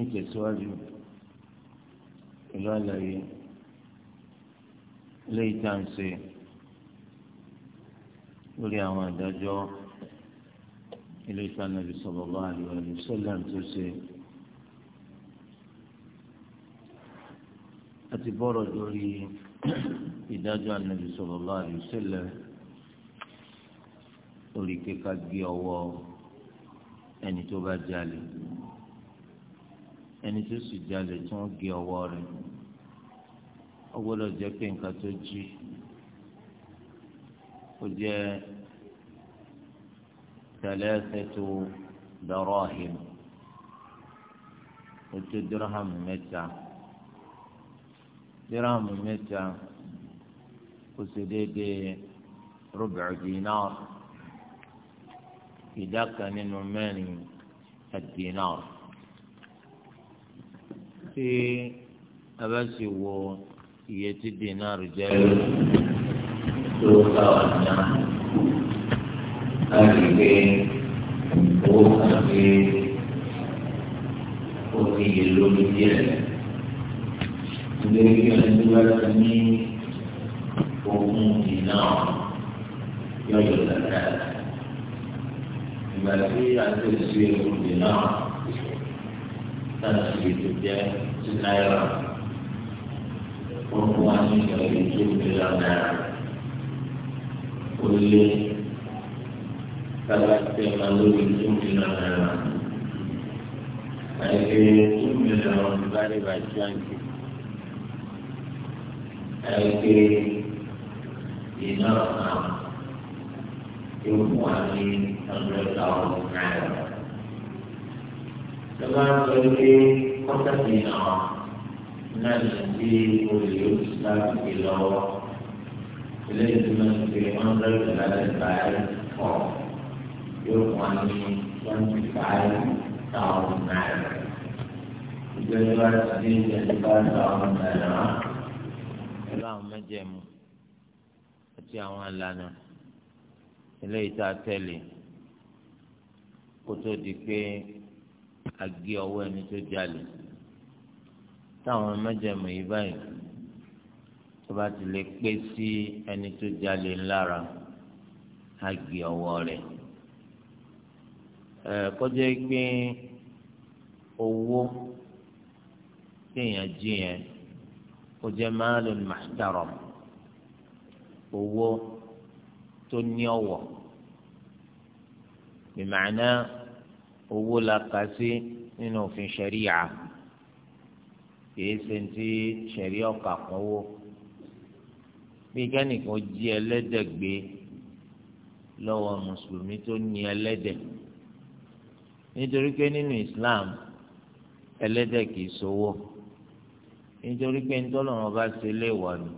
ń tẹ̀síwájú pẹ̀lú àlàyé léyìí tá à ń ṣe lórí àwọn àdájọ́ ilé ìta nàbì sallallahu alaihi wa sallam tó ṣe àti bọ́rọ̀ lórí ìdájọ́ ànàbì sallallahu alaihi wa lórí kíka gbé ọwọ́ ẹni tó bá jalè ẹni tó sì jalè tí wọ́n gé ọwọ́ rẹ̀ ó gbọ́dọ̀ jẹ́ pé nǹkan tó jí ó jẹ́ tẹlẹsẹtò dọrọhìm ó tó dírọhàmù mẹ́ta dírọhàmù mẹ́ta ó sì déédéé rúbìrì dínárì ìdá kan nínú mẹ́rin ẹ̀dínárì tí a bá sì wo iye tí dínárù jẹ́ tó táwa ná a lè gbé owó kan pé ó ní iye lórí díẹ̀ nítorí pé ẹni bá ti ní ogún dínárù yọ̀yọ̀ dáadáa ìgbà tí a ti ṣe ogún dínárù náà iye tó jẹ́ sí náírà fún wa ní ìyàwó tó mílíọ̀nù náírà ó lé sábà tẹ̀ máa lórí tó mílíọ̀nù náírà àìké tó mílíọ̀nù divided by twenty àìké iná kan yóò wa ní hundred thousand náírà lọ́wọ́ sọ pé kọ́tàkì náà náà lè di olè láti lọ́wọ́ ilé ìtumọ̀ sí pé wọ́n rẹ̀ lọ́wọ́ láti báyìí pọ̀ yóò wọ́n ní twenty five thousand naira ìjọba ti di twenty five thousand naira pẹ̀lú àwọn mẹ́jẹ̀mú àti àwọn ìlànà eléyìí tá a kó tó di pé agé ọwọ́ ẹni tó jalè táwọn májẹ̀mú yìí báyìí tó bá ti lè pé sí ẹni tó jalè ńlára agé ọwọ́ rẹ̀ ẹ kọjá pé owó téèyàn jí yẹn ó jẹ́ máàlùn mahtaram owó tó ní ọ̀wọ̀ bìmọ̀nà owó la kà sí nínú òfin ṣẹ̀ríà kìí ṣe ti ṣẹ̀ríà ọ̀kà kan wó bí kẹ́nìkan jí ẹlẹ́dẹ̀ gbé lọ́wọ́ mùsùlùmí tó ní ẹlẹ́dẹ̀ nítorí pé nínú Islam ẹlẹ́dẹ̀ kìí ṣowó nítorí pé ntọ́lọ́run bá ṣe léèwọ̀ ni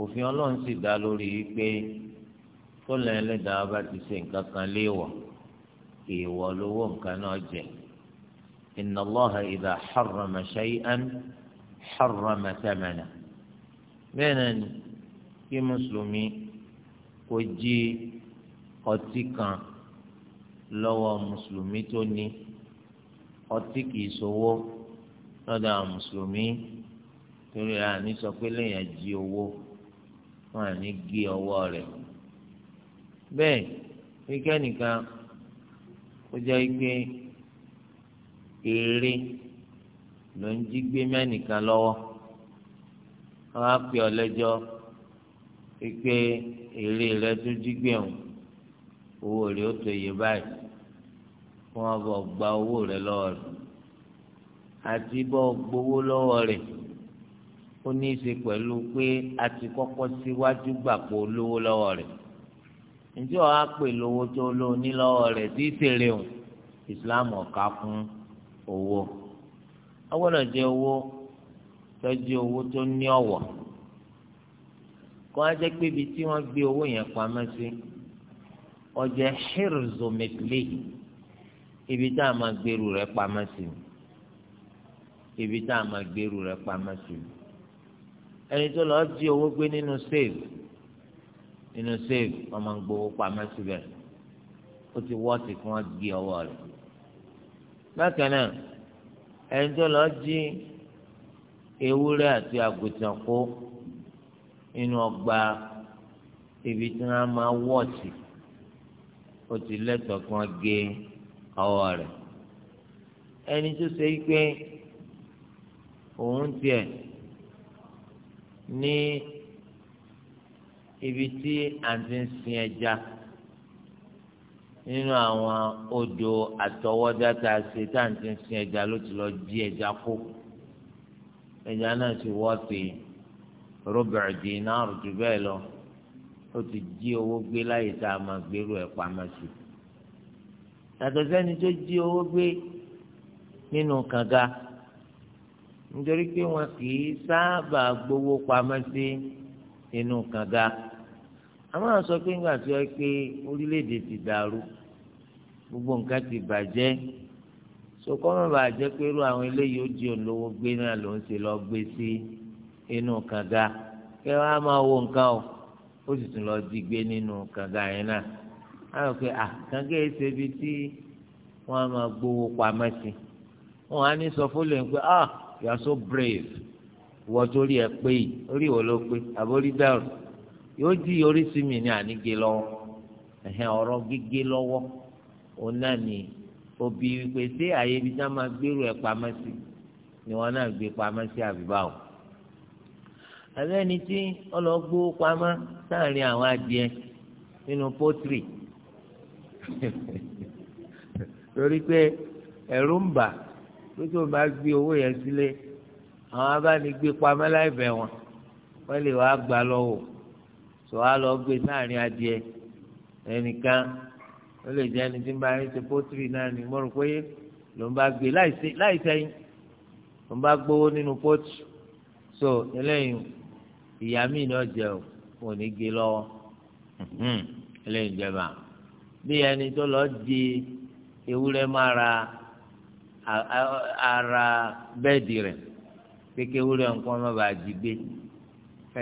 òfin ọlọ́run sì dá lórí wípé tọ́lọ́ ẹlẹ́dàá bá ti ṣe nǹkan kan léèwọ̀ èèwọ̀ lówó nǹkan náà jẹ inna Allaha idha harrama shay'an harrama thamana bẹ́ẹ̀ náà ni kí mùsùlùmí kó jí ọtí kan lọ́wọ́ mùsùlùmí tó ní ọtí kìí ṣòwò lọ́dọ̀ àwọn mùsùlùmí torí à ní sọ pé lèèyàn jí owó wọn à ní gé ọwọ́ rẹ̀ bẹ́ẹ̀ wíkẹ́ nìkan ó jẹ́ pé èrè ló ń jí gbé mẹ́nìkan lọ́wọ́ wọ́n á pè ọ́ lẹ́jọ́ pé èrè rẹ tó jí gbé òun owó rẹ ó tó yẹ báyìí wọ́n á bọ̀ gba owó rẹ lọ́wọ́ rẹ̀ àti bọ́ gbowó lọ́wọ́ rẹ̀ ó ní í ṣe pẹ̀lú pé a ti kọ́kọ́ síwájú gbàpọ̀ olówó lọ́wọ́ rẹ̀ ǹjẹ́ wàá pè lówó tó lò ní lọ́wọ́ rẹ̀ tí í ṣeré o islam ọ̀ka fún owó ọgbọ́dọ̀ jẹ́ owó tọ́jú owó tó ní ọ̀wọ̀ kó wá jẹ́ pé ibi tí wọ́n gbé owó yẹn pamọ́ sí ọjọ́ hírùzọ́mẹ́tìlẹ́ ibi tá a máa gbèrú rẹ̀ pamọ́ sí ibi tá a máa gbèrú rẹ̀ pamọ́ sí ẹni tó lọ́ọ́ jí owó gbé nínú save inú save wọn máa ń gbowó pamọ́ síbẹ̀ ó ti wọ́ọ̀tì kí wọ́n gé ọwọ́ rẹ̀ bákan náà ẹni tó lọ jí ewúrẹ́ àti àgùntàn kó inú ọgbà ibi tí wọ́n máa wọ́ọ̀tì ó ti lẹ́tọ̀ọ́ kí wọ́n gé ọwọ́ rẹ̀ ẹni tó ṣe pé òun tiẹ̀ ní ibi tí a ti ń sin ẹja nínú àwọn odò àtọwọ́dá tá a ṣe tá à ń ti ń sin ẹja ló ti lọ jí ẹja kó ẹja náà ti wọ́ ti rọ́bẹ̀rẹ̀ dínárù jù bẹ́ẹ̀ lọ ó ti jí owó gbé láyè tá a máa gbèrú ẹ̀ pamọ́ sí yàtọ̀ sẹ́ni tó jí owó gbé nínú kànga nítorí pé wọn kì í sábà gbowó pamọ́ sí inú kànga àmọ́ sọ pé ńgbà tí wọ́n pé orílẹ̀-èdè ti dàrú gbogbo nǹkan ti bàjẹ́ sokọ́ mọ̀ bàjẹ́ pé irú àwọn eléyìí ó di olówó gbé náà ló ń ṣe lọ gbé sí inú kànga kẹ́ wọ́n á máa wo nǹkan o ó sì tún lọ di gbé nínú kànga yẹn náà á rò pé à kànga yìí ṣe ibi tí wọ́n á máa gbowó pamọ́ sí wọ́n á ní sọ fólè ń pé ah you are so brave wọ́n torí ẹ pé yìí orí ìwọ ló pé àbórí dàrú yóò jí oríṣi mi ní àníge lọ́wọ́ ẹ̀hẹ́n ọ̀rọ̀ gígé lọ́wọ́ òun náà ni òbí wípé sí àyè ibi tí máa gbèrú ẹ̀ pamọ́ sí ni wọ́n náà gbé pamọ́ sí àbíbá o. àbẹ́ni tí ọlọ́gbó pamọ́ sáàrin àwọn adìẹ nínú pọ́tìrì torí pé ẹ̀rù ń bà pé tó bá gbé owó yẹn sílé àwọn abánigbé pamọ́ láìbẹ̀ wọn wọ́n lè wá gbà lọ́wọ́ sọ wá lọ gbé sáàrin adìẹ ẹnìkan ó lè jẹ ẹni tí ń bá yín ṣe pọ́tìrì náà ni mo rò pé ló ń bá gbé láì sẹ́yìn ló ń bá gbowó nínú pọ́tì so eléyìí ìyá mi ni ọjẹ o ò ní gé lọ́wọ́ eléyìí jẹba bí ẹni tó lọ di ewúrẹ́ máa ara bẹ́ẹ̀dì rẹ̀ kékeré ewúrẹ́ nǹkan má bàa jí gbé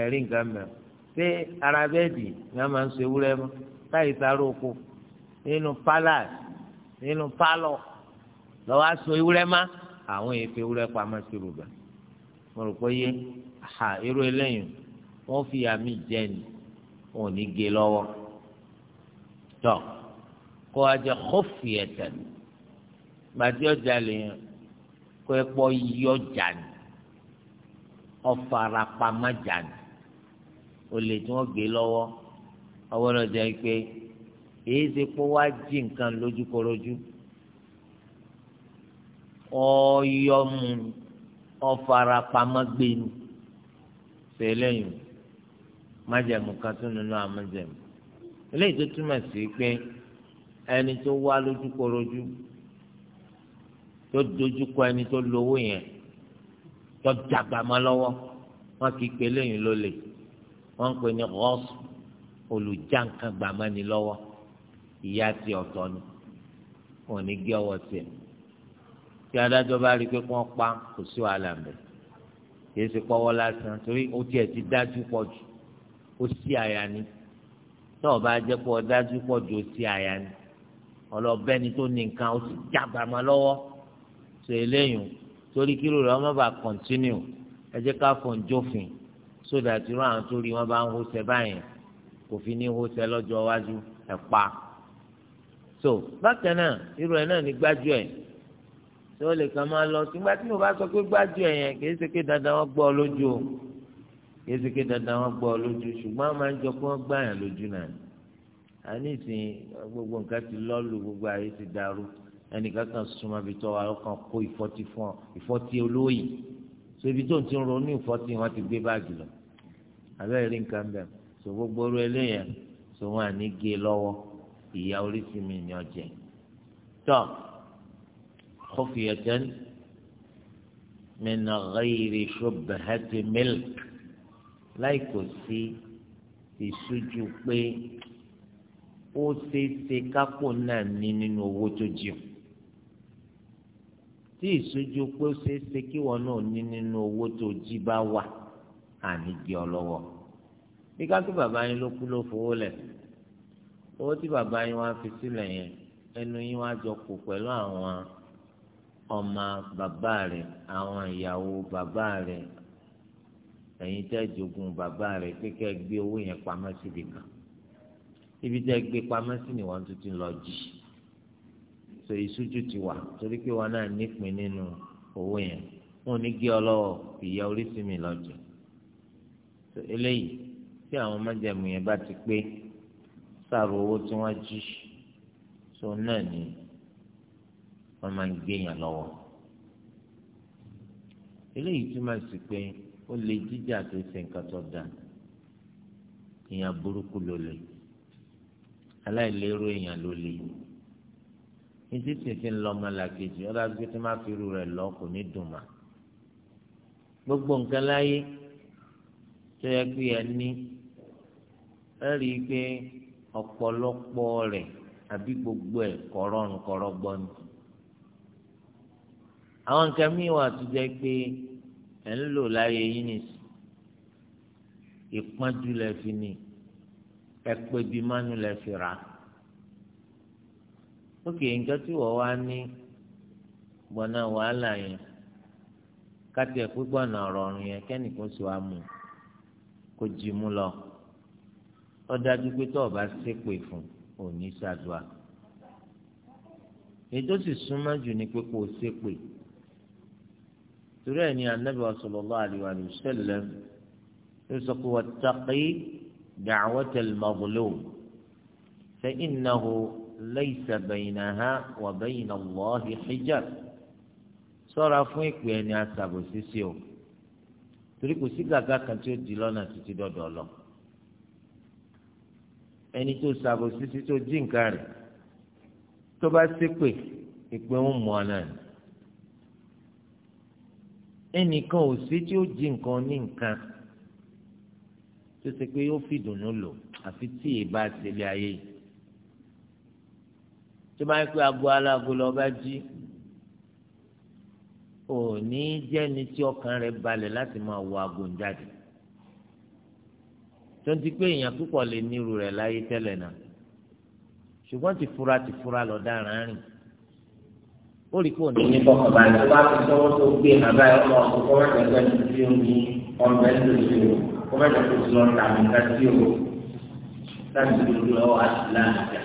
ẹ̀rí nǹkan mẹ́rin ṣé ara bẹ́ẹ̀dì ni a máa ń so ewúrẹ́ mọ́ táyì sáré oko nínú palace nínú pálọ̀ lọ́wọ́ á so má àwọn èèfé ewúrẹ́ pamọ́ sí rògbà mo rò pé yé ha irú eléyìí wọ́n fi àmì jẹ ni wọn ò ní gé lọ́wọ́ tọ́ kó a jẹ kófì ẹ̀tẹ̀ gbàdí ọjà lè yàn kó ẹ pọ̀ yí ọjà ni ọ̀farapamọ́ jà ni olè tí wọ́n gbé lọ́wọ́ ọwọ́ náà jẹ́ pé èyí ṣe pé wá jí nǹkan lójúkorojú ọyọmù ọfarapamọgbẹni sẹlẹyìn májẹ̀mú kan tó nínú àmọjẹmú eléyìí tó túmọ̀ sí pé ẹni tó wá lójúkorojú tó dojúkọ ẹni tó lówó yẹn tó dàgbà mọ́ lọ́wọ́ wọn kì í pé lẹ́yìn lólè. Lo wọ́n ń pè ní rọ́ọ̀sù olùjà nǹkan gbàmọ́ni lọ́wọ́ ìyá ti ọ̀tọ̀ ni wọn ò ní gé ọwọ́ tiẹ̀ tí adájọ́ bá rí i pé kí wọ́n pa kò sí wàhálà mẹ́ kì í ṣe pọ́wọ́ lásán torí ó tiẹ̀ ti dájú pọ̀ jù ó sí àyà ni tó o bá pé ọ dájú pọ̀ jù ó sí àyà ni ọlọ́bẹ́ni tó ní nǹkan ó sì jábàámọ́ lọ́wọ́ ṣe eléyìí torí kí lóore ọmọ bá kọ̀ntínú ẹ jẹ́ ká fọ́n jófin sódà tí irú àwọn tó rí wọn bá ń hóṣẹ báyìí kò fi ní hóṣẹ lọ́jọ́ iwájú ẹ̀ pa so bákan náà irú ẹ̀ náà ní gbájú ẹ̀ tí ó lè kàn máa lọ sígbà tí mo bá sọ pé gbájú ẹ̀ yẹn kì í ṣe pé dandan wọn gbọ́ ọ lójú o kì í ṣe pé dandan wọn gbọ́ ọ lójú ṣùgbọ́n máa ń jọ pé wọ́n gbá yàn lójú náà àní ìsìn gbogbo nǹkan ti lọ́ọ̀lù gbogbo ayé ti dàrú ẹnìkan kan súnmọ́ ibi tó wà lọ́kàn kó ìfọ́tí fún ọ ìfọ́tí olóyè so ibi tó ń ti ronú ìfọ́tí wọn ti gbé báàgì lọ abẹ́ rí nǹkan bẹ̀ so gbogbo oru eléyẹn so wọn à ní gé lọ́wọ́ ìyá oríṣi mi ni ọjẹ́ tọ́ khufiyatan min ghayri shubhati milk láì kò sí ìṣújú pé ó ṣeéṣe kápò náà ní nínú owó tó jẹun tí ìṣújú pé ó ṣeéṣe kí wọn náà ní nínú owó tó jí bá wà àní gé ọ lọ́wọ́ bí ká tó bàbá yín ló kú ló fowó lẹ̀ owó tí bàbá yín wá fi sílẹ̀ yẹn ẹnu yín wá jọ kù pẹ̀lú àwọn ọmọ bàbá rẹ̀ àwọn ìyàwó bàbá rẹ̀ ẹ̀yin tẹ́ jogún bàbá rẹ̀ kékeré gbé owó yẹn pamọ́ síbi kan ibi tẹ́ gbé pamọ́ sí ni wọ́n tún ti lọ jì so ìṣújú ti wà torí pé wọn náà nípìn nínú owó yẹn wọn ò ní gé ọ lọ́wọ́ ìyá orísìí mi lọ́jọ́ eléyìí tí àwọn májàmú yẹn bá ti pé sáàrò owó tí wọ́n jí so náà ni wọ́n máa ń gbéyàn lọ́wọ́ eléyìí túmọ̀ sí pé ó lè jíjà tó ṣe nǹkan tó dà èèyàn burúkú ló lè aláìlérò èèyàn ló lè ní títí fi ń lọ ọmọlàkejì ọlọ́dún tó máa fi irú rẹ̀ lọ kò ní dùn mà gbogbo nǹkan láyé tó yẹ kó yẹ ní ẹ rí i pé ọ̀pọ̀lọpọ̀ rẹ̀ àbí gbogbo ẹ̀ kọ̀rọ̀rùn kọ̀rọ̀ gbọ́n ni. àwọn nǹkan míì wà tó jẹ́ pé ẹ̀ ń lò láyé yín nìsí ìpọ́njú lẹ fi ni ẹ̀pẹ́ bíi mánú lẹ fi rà ókè nǹkan tí wọ́n wá ní gbọ̀nà wàhálà yẹn kátìẹ̀ pípọ̀nà ọ̀rọ̀ ọ̀run yẹn kẹ́nìkan sì wá mú un kó jí mú lọ ó dájú pé tó o bá ṣépè fún òní ṣàdùà ètò sì súnmọ́ jù ní pé kó o ṣépè torí ẹ̀ ní anábì sallallahu alaihi wa sallam ló sọ pé wattaqi da'watal mazlum fa innahu laysa baynaha wa bayna Allahi hijab sọ́ra fún ìpè ẹni àṣàbòsí sí o torí kò sí gàgà kan tí ó di lọ́nà títí dọ́dọ̀ ọlọ ẹni tó ṣàbò títí tó jí nǹkan rẹ̀ tó bá ṣépè ìpè ń mọ náà ni ẹnìkan ò sí tí ó jí nǹkan ní nǹkan tó ṣe pé yóò fìdùnnú lò àfi tí ìbá ṣẹlẹ̀ ayé tó bá ń pẹ́ agbo aláàgbo lọ́ọ́ jí òní jẹ́ni tí ọkàn rẹ̀ balẹ̀ láti máa wọ agòǹjáde tó ń ti pé èèyàn púpọ̀ lè nírú rẹ̀ láyé tẹ́lẹ̀ náà ṣùgbọ́n ti fura ti fura lọ dára rìn ó rí kó ní. ní kọ́kọ́ bá ní wá fi sọ́wọ́ tó gbé bàbá ẹ̀ lọ ọ̀sùn kọ́ mẹ́ta ti fi omi ọmọ tó ṣe o kọ́ mẹ́ta tó ṣe ọ̀tà mi ká sí o láti fi ojú ọwọ́ àti láàjà.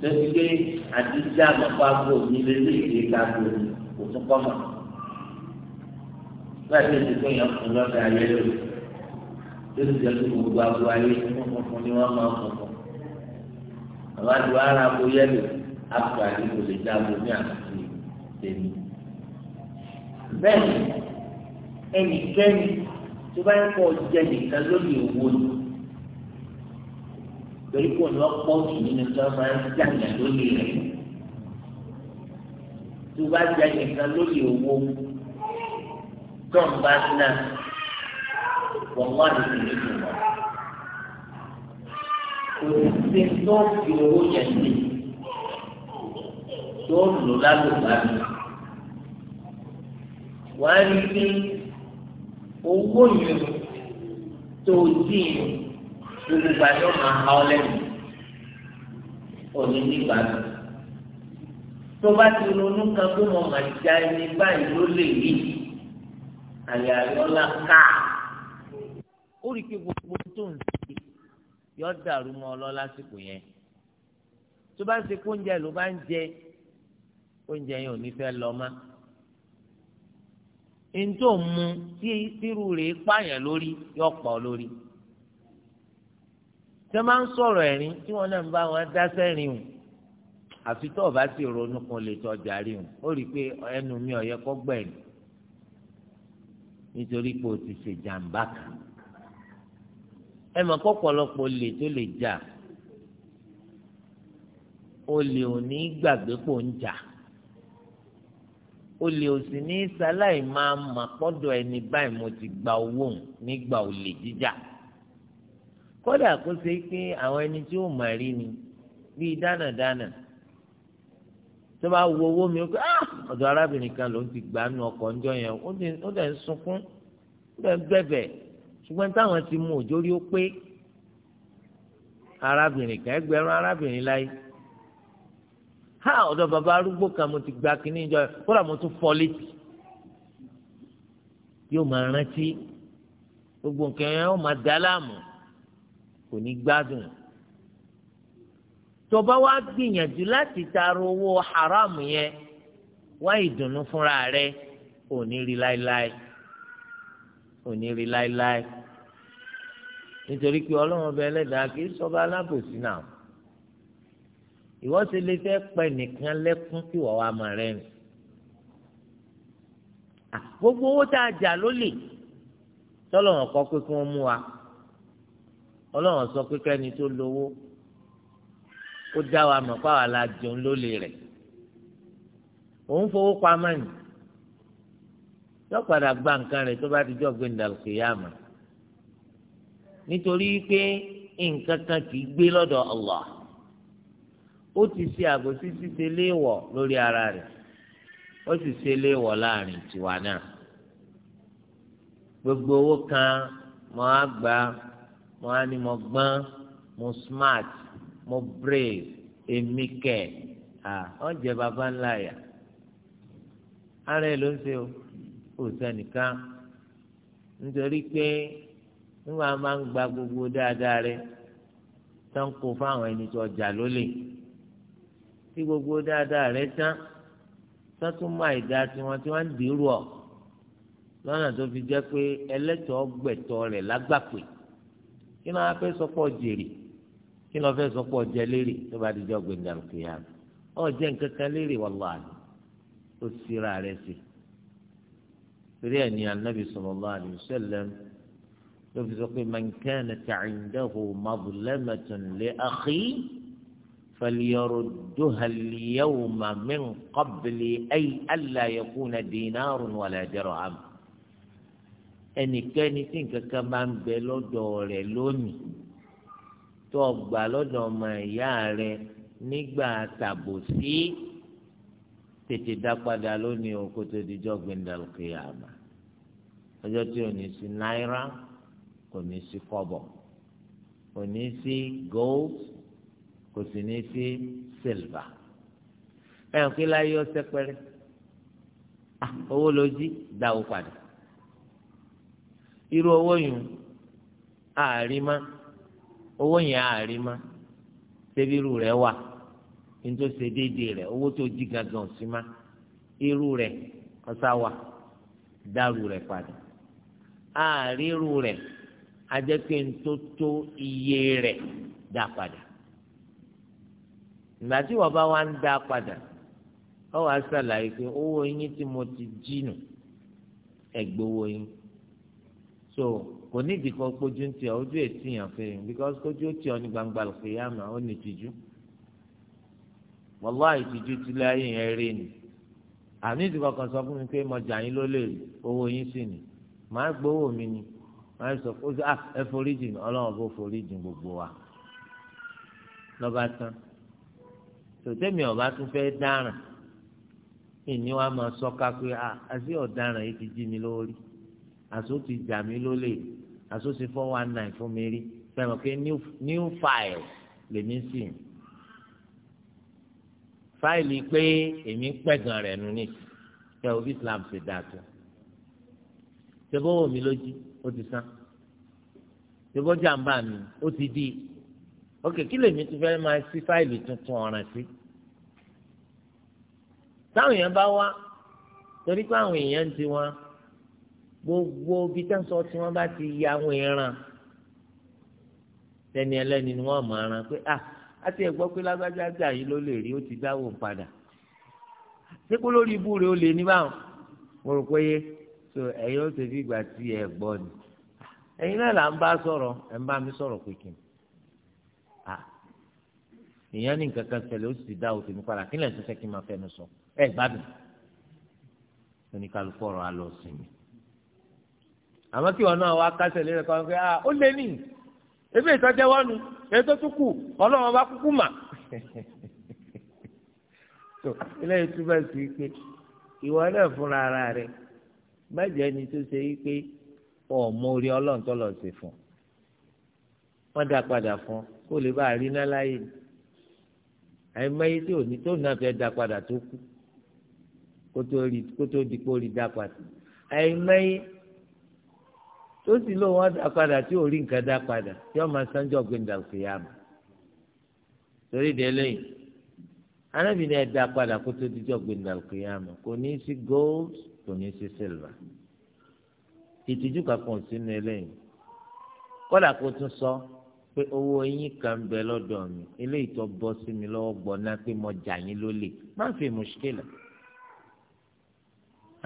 tó ti gbé àti já àgbàpá gbòó ní lélẹ́yìí ká gbòó kò tún kọ́ mọ̀ láti ètò pé èèyàn fún lọ́dọ̀ ayé lórí tó ti jẹ́ pé gbogbo agbo ayé fún funfun ni wọ́n máa funfun àwọn àdúrà ara agbo yẹ́lò àpò àti kò lè dá agbo ní àkùtì tèmi. bẹ́ẹ̀ni ẹnikẹ́ni tó bá ń kọ́ jẹ nìkan lórí òwò ni torí kò ní ọ̀pọ̀ òkè nínú tí máa ń jà ní àlóyè rẹ̀ tó bá jẹ nìkan lórí owó tó ń bá ná wọ́n wá ní ìlú ìwọ̀n. kò sí tó fi owó yẹn sí tó lò lálùbami. wọ́n á rí bí owó yẹn tó dì í gbogbo àjọ máa ha òní nígbà tó tó bá ti ronú kan pé mo mà já ẹni báyìí ló lè rí àyà yọlá ká. ó rí i pé gbogbo tó ń ṣe yọ dàrú mọ́ ọ lọ lásìkò yẹn tó bá ń ṣe kó oúnjẹ ló bá ń jẹ oúnjẹ yẹn ò ní fẹ́ lọ mọ́ ntó mu tí irú rẹ̀ pààyàn lórí yọ pọ̀ lórí tẹ́ máa ń sọ̀rọ̀ ẹ̀rín tí wọ́n náà ń bá wọn dá sẹ́rin o àfi tó o bá sì ronú kan lè tọ́ jàrí o ó rí i pé ẹnu mi ọ̀yẹ́ kọ́ gbẹ̀yìn nítorí pé o ti ṣe jàǹbá kan ẹ mọ̀ kọ́ pọ̀lọpọ̀ lè tó lè jà o lè ò ní gbàgbé pò ń jà o lè ò sì ní sáláì máa mà pọ́dọ̀ ẹni báyìí mo ti gba owó nígbà olè jíjà kódà kó ṣe pé àwọn ẹni tí ó mà rí ni bíi dánàdánà. Dana tó bá wo owó mi pé ah! ọ̀dọ̀ arábìnrin kan ló ń ti gbà nù ọkọ̀ ńjọ yẹn ó dẹ̀ ń sunkún ó dẹ̀ ń bẹ̀bẹ̀ ṣùgbọ́n táwọn ti mú òjórí ó pé arábìnrin kan ẹgbẹ̀rún arábìnrin láyé ha ọ̀dọ̀ bàbá arúgbó kan mo ti gba kínní ìjọ kódà mo tún fọ́ létí yóò máa rántí gbogbo nǹkan yẹn ó máa dá láàmú kò ní gbádùn tó bá wá gbìyànjú láti taara owó haram yẹn wá ìdùnnú fúnra rẹ ò ní rí láéláé ò ní rí láéláé nítorí pé ọlọ́run ọba ẹlẹ́dàá kì í sọba alábòsí náà ìwọ ṣe lè fẹ́ pẹ́ nìkan lẹ́kún kí wọ́n wá máa rẹ́rìn. gbogbo owó tá a jà ló lè tọ́lọ́run kọ́ pé kí wọ́n mú wa ọlọ́run sọ pé kẹ́ni tó lówó ó dá wa mọ̀ pé àwa la jẹun lólè rẹ̀ òun fowó pamọ́ ni yóò padà gba nǹkan rẹ̀ tó bá ti jọ gbé ndàlùkì yá mọ̀ nítorí pé nǹkan kan kì í gbé lọ́dọ̀ Allah ó ti ṣe àgòsí ṣíṣe léèwọ̀ lórí ara rẹ̀ ó sì ṣe léèwọ̀ láàrin tiwa náà gbogbo owó kan mo á gbà mo á ní mo gbọ́n mo smart mo brave èmi kẹ ọjẹ baba ńlá yà ara ẹ ló ń ṣe o kò sẹ́nìkan nítorí pé nígbà máa ń gba gbogbo dáadáa rẹ tán kó fáwọn ẹni tó ọjà lólè tí gbogbo dáadáa rẹ tán tán tún máa ìdá tiwọn tí wọ́n ń dìrú ọ lọ́nà tó fi jẹ́ pé ẹlẹ́tọ̀ọ́ gbẹ̀tọ̀ rẹ̀ lágbàpè kí ló wá fẹ́ sọ́pọ̀ jèrè kí lọ fẹ́ sọ pé ọjẹ́ lérè tó bá dijọ́ gbẹ̀ngà kìyàm ọjẹ́ nǹkan kan lérè wàláhì ó sira rẹ̀ sí torí ẹ̀ ní anabi sallallahu alaihi wasallam ló fi sọ pé man kanat indahu mazlamatun li akhi falyarudduha al-yawma min qabli ay alla yakuna dinarun wala ẹnikẹ́ni tí nǹkan bá ń bẹ lọ́dọ̀ rẹ̀ lónìí tó gbà lọ́dọ̀ ọmọ ìyá rẹ nígbà tàbòsí tètè dá padà lónìí o kó tó dijọ́ gbẹndàlùkìyàmà ọjọ́ tí ò ní sí náírà kò ní sí kọ́bọ̀ kò ní sí gold kò sì ní sí silver ẹ̀yàn kí láyé ọsẹ pẹ́rẹ́ ah, owó ló jí dáwó padà irú owó yìí àárín máa. owó yẹn àárín ma ṣebí irú rẹ̀ wà nítorí ṣe déédéé rẹ̀ owó tó di gangan sí ma irú rẹ̀ ọsá wà dárú rẹ̀ padà àárín irú rẹ̀ ajẹ́pẹ́ tó iye rẹ̀ dá padà ìgbà tí wọ́n bá wá ń ọ wàá sàlàyé pé owó yín tí mo ti jí kò ní ìdí oju eti ń ojú ètí yàn fẹ́yìn because kójú ó ọ ní gbangba lùkìyàmà ó ní ìtìjú ni àní ìdí kankan sọ fún mi pé mo jà yín ló ni màá gbowó mi ni màá sọ ah, fún mi gbogbo wa lọ́ba tán tòtẹ́mi tún fẹ́ dáràn ìní wa máa sọ ká pé ah àti ọ̀daràn yìí ti jí mi àsọsí four one nine fún mi rí fẹ́ràn pé new file lèmi sì fáìlì pé èmi pẹ̀gàn rẹ̀ nu ní ṣe òbí Islam ṣe dáa tó ṣebówó mi lójú ó ti sán ṣebójú àǹbá mi ó ti di òkè kí lèmi ti fẹ́ máa ṣí fáìlì tuntun ọ̀ràn sí táwọn èèyàn bá wá torí pé àwọn èèyàn ti wọn gbogbo ibi tẹ́sán tí wọ́n bá ti ya àwọn ìran tẹ́ni ẹlẹ́ni ni wọ́n mọ̀ ọ́ràn pé à ah, á ti gbọ́ pé lágbájá gbà yín ló lè rí ó ti dáwò padà ṣé kó lórí ibú rẹ̀ ó lè ní báwọn mo rò pé yé so ẹ̀yin ó ti fi ìgbà tí ẹ gbọ́ ni ẹ̀yin náà là ń bá sọ̀rọ̀ ẹ̀ ń bá mi sọ̀rọ̀ pínpín ah, ìyẹn ní nǹkan kan ṣẹlẹ̀ ó sì dá òtò mi padà kí lẹ́yìn kí n máa fẹ́nu sọ ẹ̀ gbádùn oníkàlùkù ọ̀rọ̀ alọ́ sí àmọ́ kí wọn náà wá kásẹ̀ lé rẹ̀ kọ́ pé ah, ó lé ní ebi ìtọ́jẹ́ wọ́nu èyí tó tún kù ọlọ́run bá kúkú mà. tó eléyìí túbọ̀ sí i pé ìwọ náà fúnra ara rẹ bàjẹ́ ni tó ṣe wípé ọ̀mọ orí ọlọ́run tó lọ sí fún wọ́n dá padà fún kó lè bá rí náà láyè ni àìmọye tí òní tó náà fẹ́ dá padà tó kú kó tó di kó rí dá padà àìmọye tó sì lò wọ́n dá padà tí ò rí nǹkan dá padà tí wọ́n máa sanjọ́ gbẹ̀ndà kìyàmù torí de lẹ́yìn anábì ni ẹ dá padà kó tó dijọ́ gbẹ̀ndà kìyàmù kò ní í sí gold kò ní í sí silver ìtìjú kankan sínú eléyìí kódà kó tún sọ pé owó yín kan bẹ lọ́dọ̀ mi eléyìí tó bọ́ sí mi lọ́wọ́ gbọ́ná pé mo jà yín lólè má fi mùṣkílà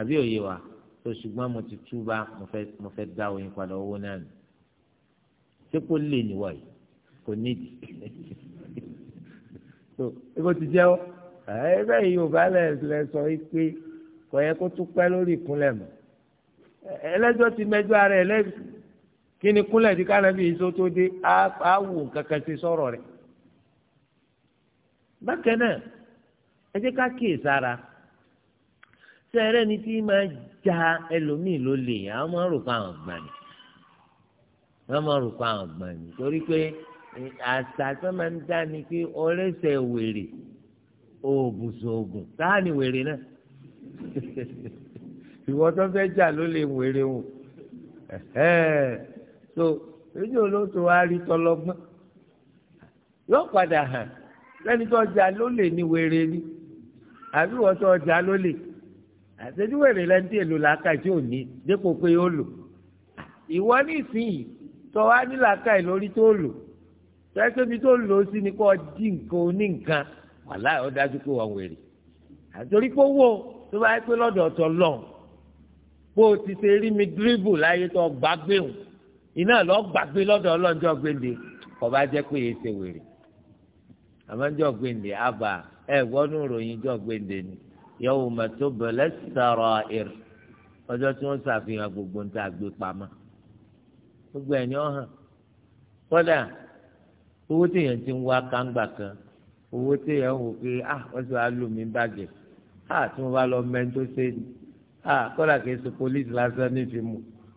àbí òye wa tó ṣùgbọ́n mo ti túbà mo fẹ́ dá oyin padà owó náà nù ṣé kò lè níwọ̀ yìí kò nídìí so ego ti jẹ́ ọ́ ẹ bẹ́ẹ̀ yorùbá lẹ̀ sọ pé kò yẹ kó tún pẹ́ lórí ìkúnlẹ̀ mọ́ ẹlẹ́jọ́ ti mẹ́jọ́ ara ẹ lẹ́bi kí ni kúnlẹ̀ tí kánábì yìí tó dé á wò kankan sí sọ̀rọ̀ rẹ̀ bákan náà ẹ jẹ́ ká kíyèsára sẹ́rẹ́ ni tí ma ja ẹlòmíì ló lè yàn án máa rò pa àwọn gbani ní máa rò pa àwọn gbà torí pé àṣà tó máa ń dá ni pé ọlẹ́sẹ̀ wèrè oògùn sóògùn táà wèrè náà ìwọ tó fẹ́ jà ló lè wèrè so rí yóò ni àbí tó jà àṣejúwèrè lẹ́ni tí èlò làákàyè tí ò ní dépò pé ó lò ìwọ nísìnyí tọ́ wá ní làákàyè lórí tó lò tẹ́sí tó lò ó sí ni kò di nǹkan oní nǹkan wàhálà ó dájú pé wọ́n wèrè àtòrí pé owó tó bá yẹ pé lọ́dọ̀ ọ̀tọ̀ lọ bó o ti ṣe rí mi dírìbù láyé tó gbàgbé òun iná lọ gbàgbé lọ́dọ̀ ọlọ́njọ́ gbèǹde kò bá jẹ́ pé èyí ṣe wèrè àmọ́ yawma tubla as-sara'ir ọjọ́ tí wọ́n ṣàfihàn gbogbo ń tà gbé pamọ́ gbogbo ẹ̀ ní ọ hàn kódà owó téèyàn ti ń wá kángbà kan owó téèyàn wò pé ah wọ́n ti wá lù mí bàjẹ́ ah tí mo bá lọ mẹ́ńtó ṣe ni ah kódà kìí ṣe police lásán ní fi mu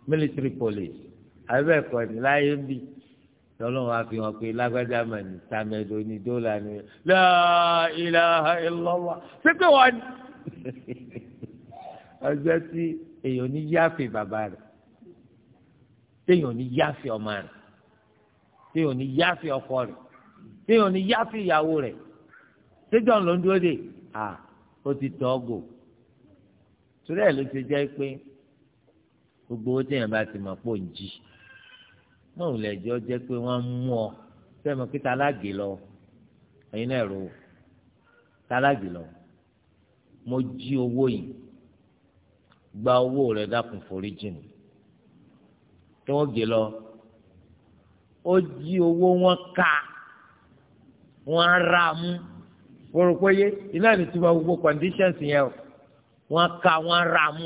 military police àbẹ̀kọ̀ ní láyé ń bì tọ́lọ́ wa fi hàn pé lágbájá mà ní tàmẹ́lò ní dọ́là ni la ilaha illallah ṣé pé wọ́n ọjọ́ tí èèyàn ní yáfe bàbá rẹ̀ téèyàn ní yáfe ọmọ rẹ̀ téèyàn ní yáfe ọkọ rẹ̀ téèyàn ní yáfe ìyàwó rẹ̀ séjọ́ ń lọ dúró dé à ó ti tọ́ ọgò torí ẹ̀ ló ti jẹ́ pé gbogbo owó téèyàn bá ti mọ̀ pò ń jí náà lẹ́jọ́ jẹ́ pé wọ́n mú ọ sẹ́mi pé talágè lọ ẹ̀yin náà rò talágè lọ mo jí owó yìí gba owó rẹ dákun foríjì mi tí wọ́n gé lọ ó jí owó wọn ká wọn ra mú pòròpóyé iná ní tiwa gbogbo conditions yẹn o wọn ká wọn ra mú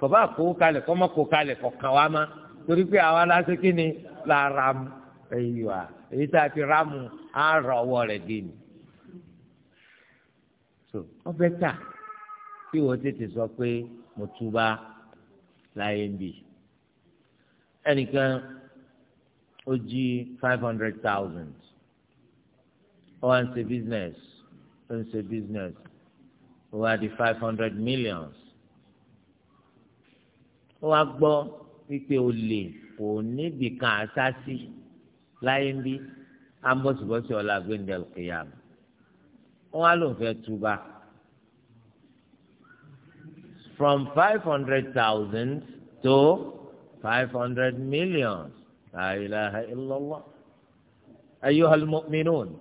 kọba kó kalẹ̀ kọ́mọ kó kalẹ̀ kọ̀kan wa ma torí pé àwa la kí ni la ra mú èyí wa èyí tá a ti ra mú a rọ ọwọ́ rẹ̀ dé ni so wọ́n fẹ́ tà tí wọ́n tètè sọ pé mo túbà láyé ń bì ẹnìkan ó jí five hundred thousand ó wá ń ṣe business ó ń ṣe business ó wá di five hundred millions ó wá gbọ́ wípé olè kò níbì kan àṣà sí láyé ń bí ambọ̀sibọ́sí ọ̀la gbẹ̀ndẹ̀ kìyàmù wọ́n á lòun fẹ́ túba from five hundred thousand to five hundred million la ilaha illallah ayyuhal mu'minun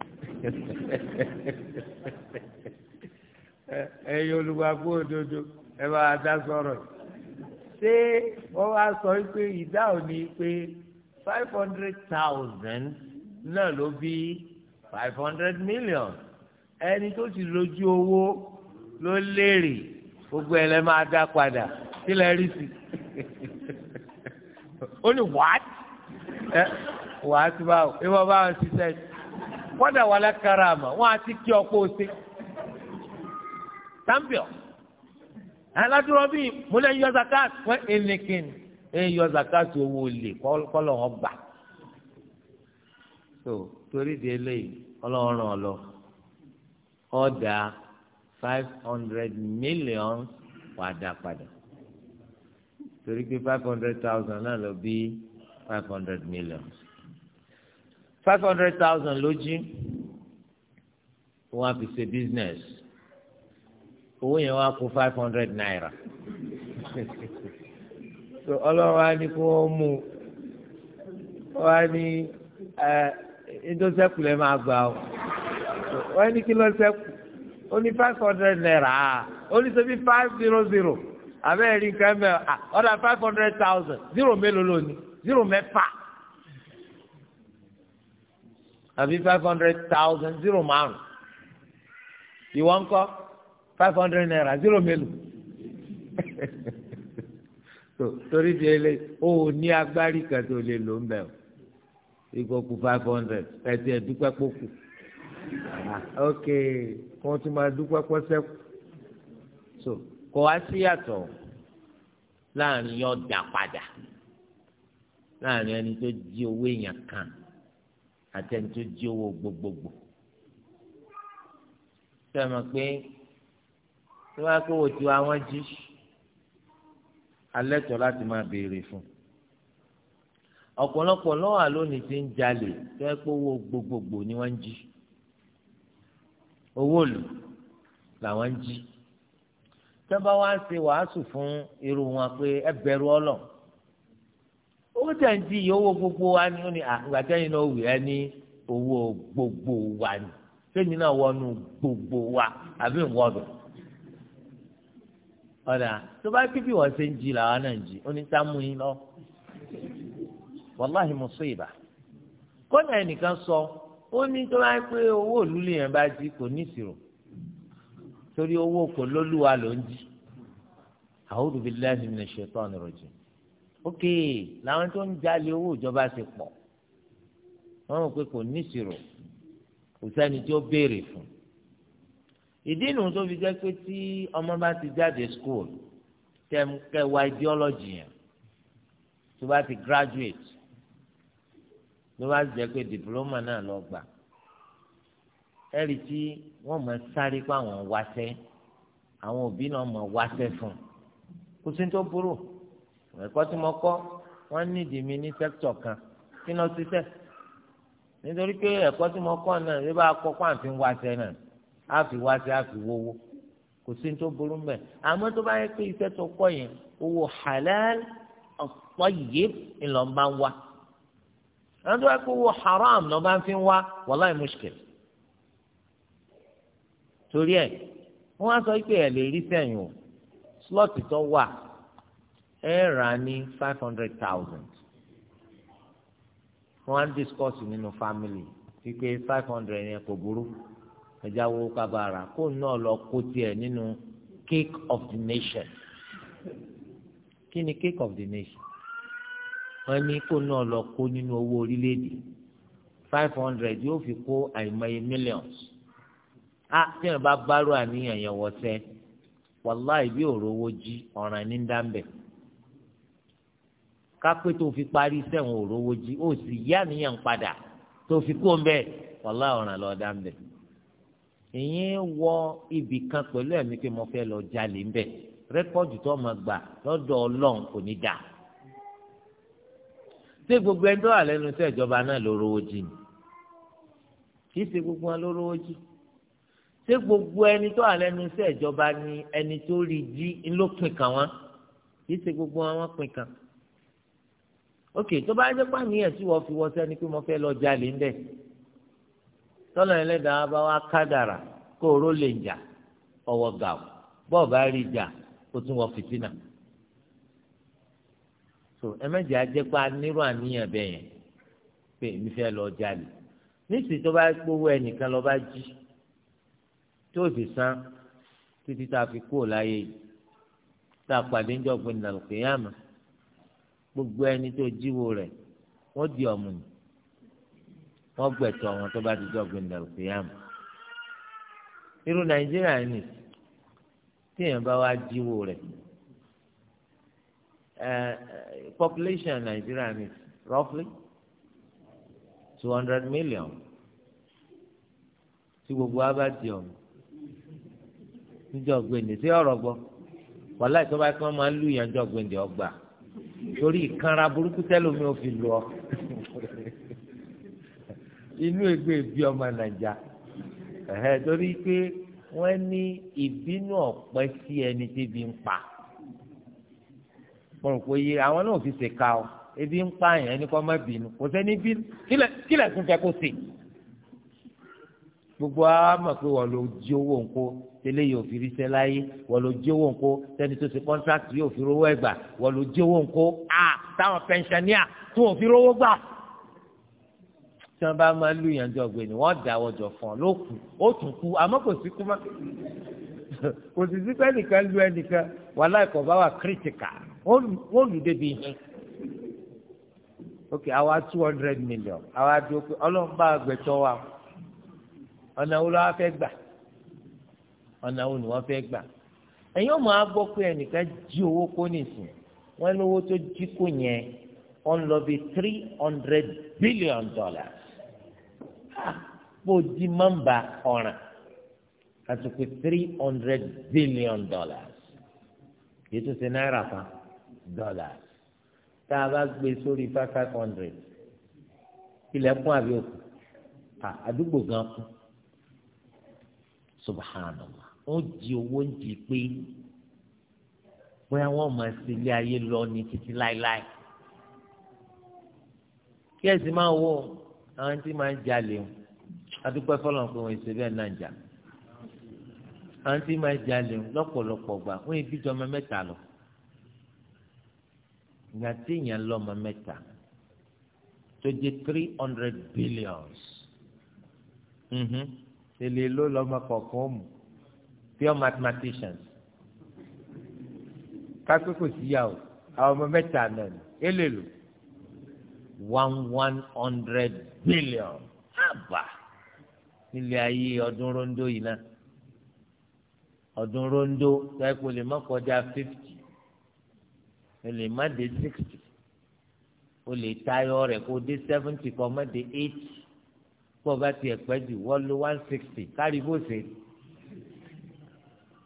ẹ̀yin olùgbàgbọ́ òdodo ẹ bá dá sọ̀rọ̀ ṣé wọ́n wá sọ pé ìdáhùn ni pé five hundred thousand náà ló bí five hundred million ẹni tó sì lójú owó ló léèrè gbogbo ẹ lẹ máa dá padà sílẹ̀ rí sí ó ní wàátì ẹ wàátì báwo ìwọ báwo ṣiṣẹ́ kọ́dà wà lákàrà àmà wọ́n á ti kí ọkọ̀ ọ̀sẹ̀ champion aládùúrọ̀ bíi mo lè yọ zakat wọ́n ẹnìkìn ẹ yọ zakat owó lè kọ́lọ̀ wọn gbà so torí de eléyìí ọlọ́run ọlọ́run ọ̀dà five hundred million wàá dá padà torí pé five hundred thousand náà ló bí five hundred million five hundred thousand ló jí wọ́n á fi ṣe business owó yẹn wá kó five hundred naira so ọlọ́run á ní kó wọ́n mú wọ́n á ní ẹ ẹ ní tó sẹ́kù lẹ́ máa gbà ó wọ́n ní kí ló ṣẹ́kù ó ní five hundred naira ó ní sẹ́bi five zero zero àbẹ́ rí nǹkan mẹ́ ọ̀dà ah, five hundred thousand zero mélòó lónìí zero mẹ́fà àbí five hundred thousand zero márùn ìwọ ńkọ́ five hundred naira zero mélòó torí di ẹlẹ o ò ní agbárí kan tó lè lò ń bẹ o ìgbọ́kú five hundred ẹ̀sìn ẹ̀dúpẹ́ pọ̀ kù. Ah, ok kí wọ́n ti máa dúpẹ́ pọ́sẹ́ so kò wá sí yàtọ̀ láàrin yọ dà padà láàrin ẹni tó jí owó èèyàn kan àti ẹni tó jí owó gbogbogbò sọ ma pé tí wọ́n á kó wò tí wọ́n jí alẹ́ tọ́ láti máa béèrè fún un ọ̀pọ̀lọpọ̀ lọ́wọ́ àlónì ti ń jalè tó ẹ́ pé owó gbogbogbò ni wọ́n jí owó lù làwọn ń jí tọ́ba wá ń ṣe wàásù fún irú wọn pé ẹ bẹ̀rù ọlọ owó tẹ̀ ń jí owó gbogbo wa ni ó ní àgbàjẹ́yìn náà wù ẹ́ ní owó gbogbo wa ni sẹ́yìn náà wọnú gbogbo wa àbí ìwọ́dọ̀ ọ̀dà tó bá kí bí wọ́n ṣe ń jí làwọn náà ń jí ó ní sámú yín lọ wàláhì mùsíbà kọ́nà ẹnìkan sọ. So, ó ní tó bá pé owó òlúlé yẹn bá jí kò ní ìṣirò torí owó kò lólúwa ló ń jí a'udhu billahi minash shaitani rajim ok làwọn tó ń jalè owó ìjọba ti pọ̀ wọ́n mọ̀ pé kò ní ìṣirò kò sẹ́ni tí ó béèrè fún ìdí nu tó fi jẹ́ pé tí ọmọ bá ti jáde school tẹ̀ kẹwàá ideology yẹn tó bá ti graduate ló bá jẹ́ pé diploma náà lọ gbà ẹ̀rí tí wọ́n máa sáré pé àwọn wáṣẹ́ àwọn òbí náà máa wáṣẹ́ fún kò sí tó burú ẹ̀kọ́ tí mo kọ́ wọ́n nídìí mi ní sẹ́kítọ̀ kan kí náà ṣiṣẹ́ nítorí pé ẹ̀kọ́ tí mo kọ́ náà ló bá kọ́ pàǹfin wáṣẹ́ náà á fi wáṣẹ́ á fi wówó kò sí tó burú mẹ́ àmọ́ tó bá yẹ pé iṣẹ́ tó kọ́ yẹn owó halal ọ̀pọ̀ yìí ńlọ bá ń wá àwọn tó wá pé owó haram lọ́ bá ń fi wá wàláì mushkil torí ẹ̀ wọ́n á sọ pé ẹ̀ lè rí sẹ́yìn o slọ́ọ̀tì tó wà ẹ̀ rà ní five hundred thousand wọ́n á discuss nínú family wípé five hundred yẹn kò burú ẹja wo kábàárà kó náà lọ kó tiẹ̀ nínú cake of the nation kí ni cake of the nation wọ́n ní kó náà lọ kó nínú owó orílẹ̀-èdè five hundred yóò fi kó àìmọye millions a tí wọ́n bá bárò àníyàn yẹn wọ́sẹ́ wàláì bí òòrò owó jí ọ̀ràn ní dáńbẹ̀ kápẹ́ tó fi parí sẹ́wọ̀n òòrò owó jí ó sì yá àníyàn padà tó fi kó wàláì ọ̀ràn lọ dáńbẹ̀ ìyẹn wọ ibì kan pẹ̀lú ẹ̀mí pé mo fẹ́ lọ jalè mbe bẹ̀ tó ma gbà lọ́dọ̀ ọlọ́run kò ṣé gbogbo ẹni tó wà lẹ́nu iṣẹ́ ìjọba náà ló rówó jì ní kì ṣe gbogbo wọn ló rówó jì gbogbo ẹni tó wà lẹ́nu iṣẹ́ ìjọba ni ẹni tó rí jí ló pin kàn kì í ṣe gbogbo wọn pin kàn ok tó bá jẹ́ pé àníyàn tí pé fẹ́ lọ jalè ń bá wá kádàrà kó lè jà bọ́ọ̀ bá rí jà so ẹ mẹjẹ ajẹpá nírú àníyàn bẹ yẹn pé èmi fẹ́ lọ jalè nísìsiyìí tó bá gbowó ẹnìkan lọ bá jí tó sì san títí tá a fi kúrò láyé yìí tá a pàdé ń jọgbìn nàlùkìyàmà gbogbo ẹni tó jíwó rẹ̀ wọ́n di ọmọnì wọ́n gbẹtọ wọn tó bá ti jọgbìn nàlùkìyàmà irú nàìjíríà ni tíyẹn bá wá jíwó rẹ̀. Uh, uh, population Nigeria is roughly two hundred million tí gbogbo wa bá di ọ̀hún níjọ́ gbèndé sí ọ̀rọ̀ gbọ́ wàhálà ìtọ́ba kí wọ́n máa lù yàn jọ gbèndé ọgbà torí ìkanra burúkú tẹ́lómi ò fi lù ọ́ inú ègbè bí ọmọ nàìjà torí pé wọ́n ní ìbínú ọ̀pẹ sí ẹni tí bí ń pa mo rò pé iye àwọn náà fi ṣèkà o ebi ń pààyàn ẹni kọ́ má bínú kò sẹ́ni bínú kílẹ̀ tún fẹ́ kó sè gbogbo a mọ̀ pé wọ́n ló jí owó ńkó tẹ́lẹ̀ yóò fi ríṣẹ́ láyé wọ́n ló jí owó ńkó tẹ́ni tó ṣe kọ́ńtrákì yóò fi rówó ẹ̀gbà wọ́n ló jí owó ńkó a táwọn pẹ̀nṣẹ̀níà tó wọ́n fi rówó gbà. tí wọ́n bá máa lù yànjọ́ ọ̀gbẹ́ni wọ́n dáwọ́ jọ kò sì sí pé ẹnìkan lu ẹnìkan wàhálà ẹ̀kọ́ bá wà kírítíkà wọ́n lù débi yín ok àwa two hundred million àwa dúró pé ọlọ́run bá gbẹ̀tọ́ wa ọ̀nà wo ni wọ́n fẹ́ gbà ọ̀nà wo ni wọ́n fẹ́ gbà ẹ̀yin ọmọ agbọ́ pé ẹnìkan jí owó kó nìsín wọ́n lówó tó jí kó yẹn wọ́n lọ bí three hundred billion dollars ah, bó di mọ́mbà ọ̀ràn àti pé three hundred billion dollars yìí tó ṣe náírà kan dollars tá a bá gbé sórí five five hundred ilẹ̀kùn àbí àdúgbò gan kú subhanallah wọ́n di owó ń di pé bóyá wọ́n máa ṣe ilé ayé lọ ní títí láéláé kí ẹ̀sìn máa wọ àwọn tí máa ń jalè o adúpẹ́ fọlọ́n pé wọ́n ṣe bẹ́ẹ̀ náà jà àwọn tí máa jalè lọ́pọ̀lọpọ̀ gbà fún ibi jọ ọmọ mẹ́ta lọ ìgbà tí èèyàn lọ ọmọ mẹ́ta tó jẹ three hundred billions mhm. èlé ló lọ́mọ kọ̀ọ̀kan mú pure mathematicians kákòkò síyàwó àwọn ọmọ mẹ́ta náà ni èlé lò one one hundred billion àbá nílé ayé ọdún rondo yìí náà ọdún rondo táìpò lè má kọjá fifty o lè má dé sixty o lè tayọ rẹ̀ kó dé seventy kó má dé eighty kó o bá tiẹ̀ pẹ́ jù wọ́n lo one sixty kárí bó ṣe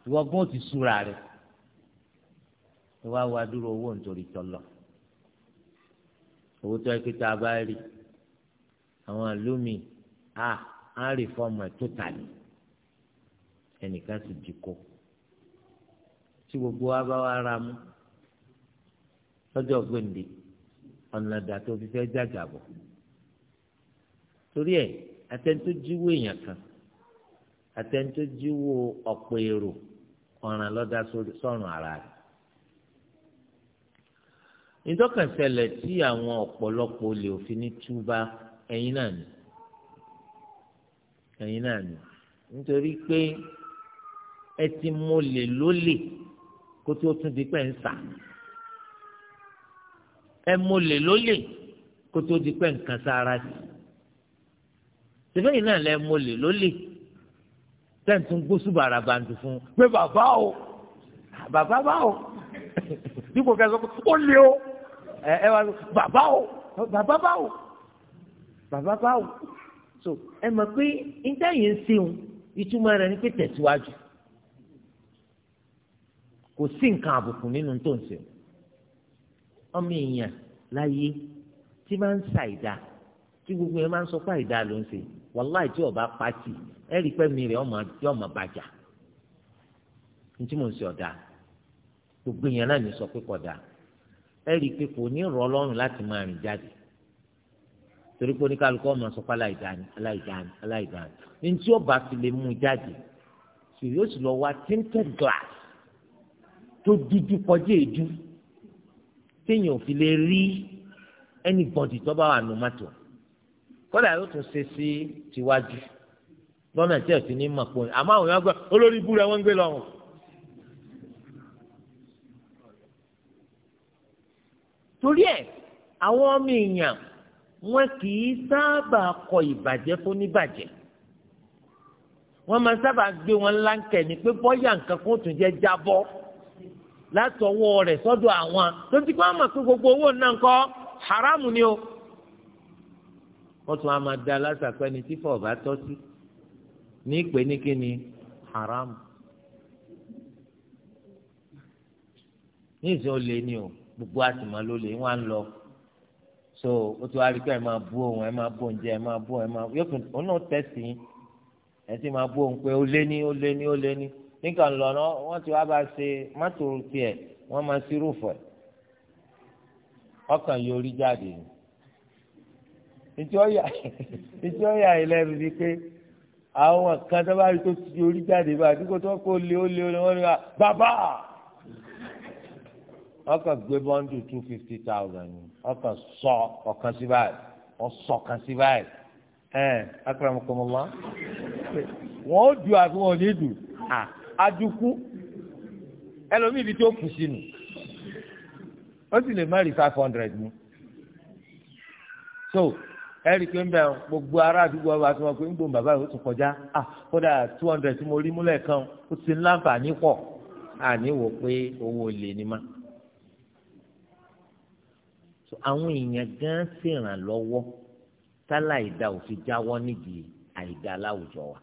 ìwọ gbọ́n ti súra rẹ̀ ìwà wa dúró owó nítorí tọ́lọ̀ owó tó ẹ pé tá a bá rí àwọn àlómi a á rí fọ́ọ̀mù ẹ̀ tó tà ní ẹnìkan sì jí kó tí gbogbo wa bá wa ra mú lọ́jọ́ gbèǹde ọ̀nà ìdá tó fi fẹ́ jàjàbọ̀ torí ẹ̀ atẹ́ntó jíwó èèyàn kan atẹ́ntó jíwó ọ̀pọ̀ èrò ọ̀ràn lọ́dá sọ̀rùn ara rẹ̀ ìdọ́kànṣẹlẹ̀ tí àwọn ọ̀pọ̀lọpọ̀ olè òfin ní túbá ẹ̀yin náà ni ẹ̀yin náà ni nítorí pé ẹ ti mọlẹ̀ lólè kó tó tún di pẹ́ ń sà ẹ mọlẹ̀ lólè kó tó di pẹ́ ń kan sára sí sèfẹ́yìn náà lẹ mọlẹ̀ lólè tẹ́ǹtì ń gbósù bàràbàǹtì fún un pé bàbá o bàbá bá o dípò kẹsàn án ó lé o ẹ ẹ wá bàbá o bàbá bá o bàbá bá o so ẹ mọ̀ pé níta yìí ń ṣeun ìtumọ̀ rẹ̀ ni pé tẹ̀síwájú. kò sí nǹkan àbùkù nínú tó ń ṣe ọmọ èèyàn láyé tí máa ń sa ìdá tí gbogbo yẹn máa ń sọ pé àìdá ló ń ṣe wàláì tí ọba pàtì ẹ rí pẹ́ mi rẹ̀ ọmọ bàjá ní tí mò ń ṣe ọ̀dà gbogbo èèyàn náà ní sọ pé kọ̀dà ẹ rí i pé kò ní rọ ọlọ́run láti máa rìn jáde torí pé oníkálukọ́ ọmọ sọ pé aláìdáni aláìdáni aláìdáni ní tí ọba fi lè mú jáde sì yóò sì lọ wá tinted glass tó díjú kọjá èjú téèyàn ò fi lè rí anybody tó bá wà nù mọ́tò kódà yóò tún ṣe sí tiwájú lọ́nà tí ẹ̀sìn ní mọ̀ pọ̀ àmọ́ àwọn èèyàn gbọ́ olórí ibú rẹ̀ wọ́n ń gbé lọ́rùn. torí ẹ̀ àwọn ọmọ èèyàn wọn kì í sábà kọ ìbàjẹ́ fún níbàjẹ́ wọ́n máa sábà gbé wọn láǹkẹ̀ ní pé bọ́yà nǹkan kó tún jẹ́ jábọ́ láti ọwọ́ rẹ̀ sọ́dọ̀ àwọn tó ti kọ́ àmọ̀ pé gbogbo owó náà ń kọ́ haramu ni o. wọ́n tún á máa da lásàpẹ́ ni tí fọ́ọ̀ tọ́ sí ní ìpè ní kí ni haramu. ní ìsìn olè ni o gbogbo àtìmọ́ ló lè wọ́n ń lọ so ó ti wá rí pé ẹ máa bú òun ẹ máa bú oúnjẹ ẹ máa bú ẹ máa yóò tún òun náà tẹ̀sí ẹ sì máa bú òun pé ó lé ní ó lé ní ó lé ní nìkan lọ́nà wọ́n ti wá bá ṣe mọ́tò tiẹ̀ wọ́n máa ṣírù fẹ̀ ọkàn yorí jáde ìtí ó yà ìlẹ́rù ni pé àwọn kan tó bá rí tó ti yorí jáde bá àdúgbò tó kó lé ó lé ó lé wọ́n ní wá bàbá ọkàn gbé bọ́ńdù two fifty thousand ọkàn sọ ọkàn sí báyìí wọ́n sọ ọkàn sí báyìí ẹ̀ akọ̀rọ̀ mọ̀kànmọ́lá wọ́n ó dùn àbí wọ́n ò ní dùn adukú ẹlòmíì ibi tí ó kù sínú ó sì lè má rí five hundred mu so ẹ̀rí pé ń bẹ gbogbo ará àdúgbò ọba tí wọ́n pé ń gbòm bàbá yìí ó tún kọjá ah kódà two hundred tí mo rí múlẹ̀ kan ó ti ń láǹfààní pọ̀ àní pé owó lè ní ma. so àwọn èèyàn gan ṣèrànlọ́wọ́ tálà ìdá òfin jáwọ́ nídìí àìdá láwùjọ wa.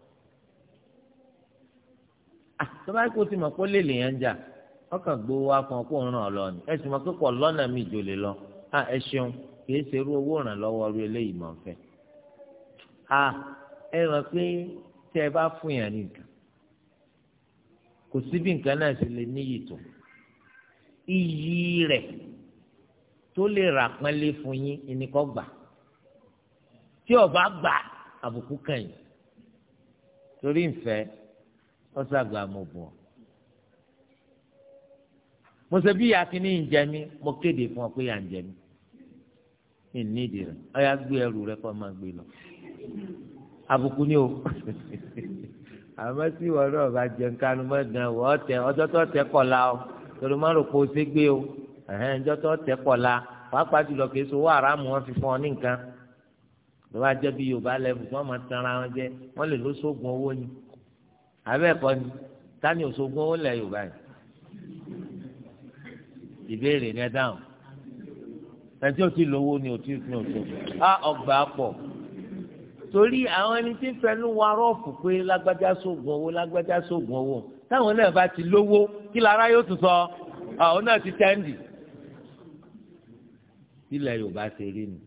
Ah, tọ́ba kò ti mọ̀ pé ó lè lè yẹn jà ọkàn gbowó wa fún ọ kó ràn ọ lọ ni ẹ sì mọ̀ pé kò lọ́nà mi jò lè lọ à ah, ẹ ṣeun kìí ṣe irú owó ìrànlọ́wọ́ irú eléyìí mọ̀ fẹ́. à ah, ẹ ràn pé tẹ ẹ bá fún yàn ní kò sí bí nǹkan náà ṣe lè níyì tó iyì rẹ̀ tó lè rà pẹ́lẹ́ fún yín ìníkọ́ gbà tí ọba gbà àbùkù kàn yín torí ìfẹ́ ọ̀sàgà mo bọ̀ mo ṣe bí akínní ń jẹ mí mo kéde fún ọ pé à ń jẹ mí ìnídìí rẹ ọyà gbé ẹrù rẹ kọ́ máa gbé lọ àbùkù ni o àmọ́ tí wọn náà bá jẹun kánú mọ́ gan wọ́n tẹ ọjọ́ tó tẹ kọ̀ la o torí má rò pé o ṣe gbé o ọjọ́ tó tẹ kọ̀ la wàá pàdé lọ kí eso wà aráàmù wọn fi fún ọ ní nǹkan lọ́wọ́ ajẹ́ Yorùbá lẹ́bù tí wọ́n máa tanra wọn jẹ wọ́n lè lọ owó ni abẹ́ẹ̀kọ́ ni tani òṣogbo ó lẹ̀ yorùbá yìí ìbéèrè ni ẹ dáhùn ẹtí o ti lówó ni o ti fi òṣogbo á ọgbà pọ̀ torí àwọn ẹni tí ń fẹnu wa rọ́ọ̀fù pé lágbájá sóògùn owó lágbájá sóògùn owó táwọn náà bá ti lówó kí lára yóò tún sọ àwọn náà ti tẹ́ǹdì sílẹ̀ yorùbá ṣe rí ni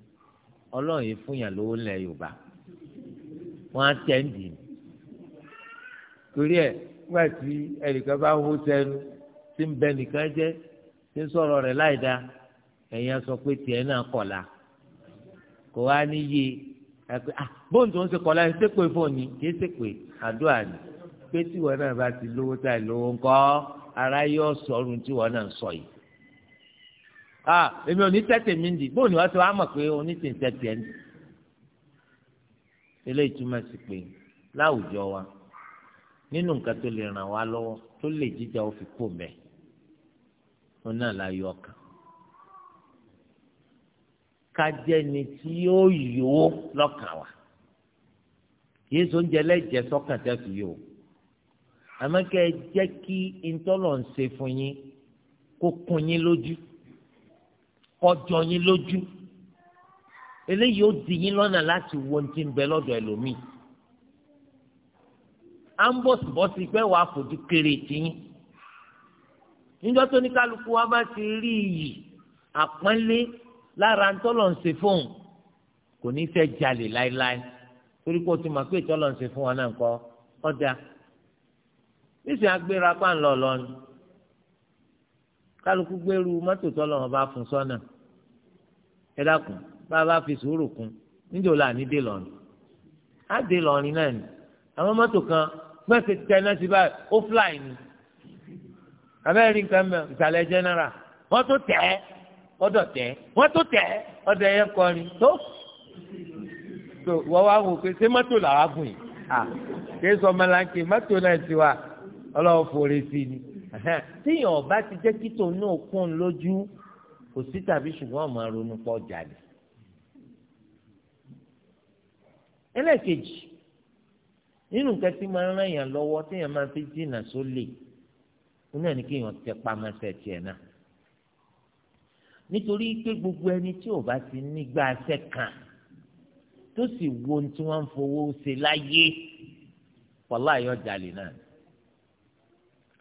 ọlọ́run yìí fún yàn lówó ńlẹ̀ yorùbá wọ́n á tẹ́ǹdì ni torí ẹ̀ nígbà tí ẹnìkan bá hó sẹ́nu tí ń bẹ nìkan jẹ́ tí ń sọ̀rọ̀ rẹ̀ láì da ẹ̀yin á sọ pé tiẹ̀ náà kọ̀la kò wá níyì àpè à ah, bóun tó ń ṣe kọ̀la ẹ̀ ṣépè fóònù kì í ṣépè àdúrà ni pé tíwọ́ náà bá ti lówó tá ìlówó ńkọ́ ara yọ sọ̀rùn tíwọ́ náà ń sọ yìí ah èmi ò ní tẹ́tẹ̀ mi dì bóun ni wọ́n ti wá mọ̀ pé onítìǹtẹ̀tẹ̀ ẹ̀ ń dì eléyìí túmọ̀ sí pé láwùjọ wa nínú nǹkan tó lè ràn wá lọ́wọ́ tó lè jíjà ó fi kó mẹ́ ó náà la yọ ọkàn kájẹni tí yóò yòó lọ́kàn wa yìí sọ oúnjẹ lẹ́jẹ̀ sọ́kàn tẹ́ fi yòó àmọ́ kẹ́ ẹ jẹ́ kí ntọ́lọ̀ ń ṣe fún yín kó kún yín lójú kó yín lójú eléyìí ó di yín lọ́nà láti wo ohun tí ń bẹ lọ́dọ̀ ẹlòmíì à ń bọ̀sibọ́sí pé wàá fojú kéré tìyín níjọ́ tó ní kálukú wa bá ti rí iyì àpọ́nlé lára ntọ́lọ̀ ń ṣe fóun kò ní fẹ́ jalè láéláé torí kó o ti mọ̀ pé ìtọ́lọ̀ ń ṣe fún wa náà ń kọ́ ọ̀dà níṣẹ́ agbéra pa ń lọ lọ́nu kálukú gbèrú mọ́tò tọ́lọ̀ wọn bá fún sọ́nà ẹ dákun bá a bá fi sùúrù kún níjọ́ la dé lọ́nu á dé lọ́rin náà ni àwọn mọ́tò kan mẹ́sẹ̀ tẹ̀lé sí báyìí ó fly ni abẹ́rẹ́ nǹkan mẹ́ ìsàlẹ̀ general wọ́n tó tẹ̀ ẹ́ ọ̀dọ̀ tẹ̀ ẹ́ wọ́n tó tẹ̀ ẹ́ ọ̀dọ̀ ẹ̀yẹ kọrin tó tó wọ́n wá wò pé ṣé mọ́tò làwa gùn yìí à kí sọ ọmọlanke mọ́tò náà ti wà ọlọ́wọ́ fòrè sí ni tíyàn ọba ti jẹ́ kí tòun náà kún un lójú kò sí tàbí ṣùgbọ́n ọmọ ronú pọ̀ jáde ẹlẹ́ẹ̀kejì nínú nǹkan tí máa ń ràn yàn lọ́wọ́ téèyàn máa fi jìnnà sólè nínú ẹni kí èèyàn tẹ pamọ́sẹ̀ tiẹ̀ náà nítorí pé gbogbo ẹni tí ò bá ti nígbà ẹsẹ̀ kan tó sì wo ohun tí wọ́n ń fowó ṣe láyé wàhálà yọ náà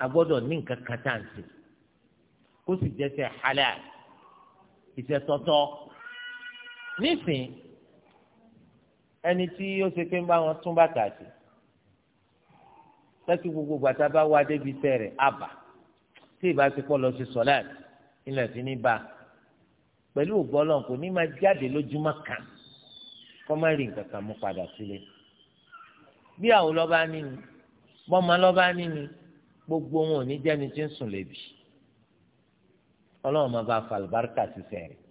a gbọ́dọ̀ ní nǹkan kan tá à ń ṣe kó sì jẹ́sẹ̀ halal iṣẹ́ tọ́tọ́ nísìn ẹni tí ó ṣe pé ń bá wọn tún bàtà sí pẹ́kí gbogbo gbàtà bá wá débi iṣẹ́ rẹ̀ àbà tí ìbá ti pọ̀ lọ sí sọ́láàt ilẹ̀ sí ní bá pẹ̀lú ògbọ́lọ́n kò ní máa jáde lójúmọ́ kan kọ́ má rí nǹkan kan mú padà sílé bí àwọn lọ́ba níni bọ́mọ lọ́ba níni gbogbo wọn ò ní jẹ́ni tí ń sùn lébi ọlọ́run máa bá falùbáríkà sísẹ̀ rẹ̀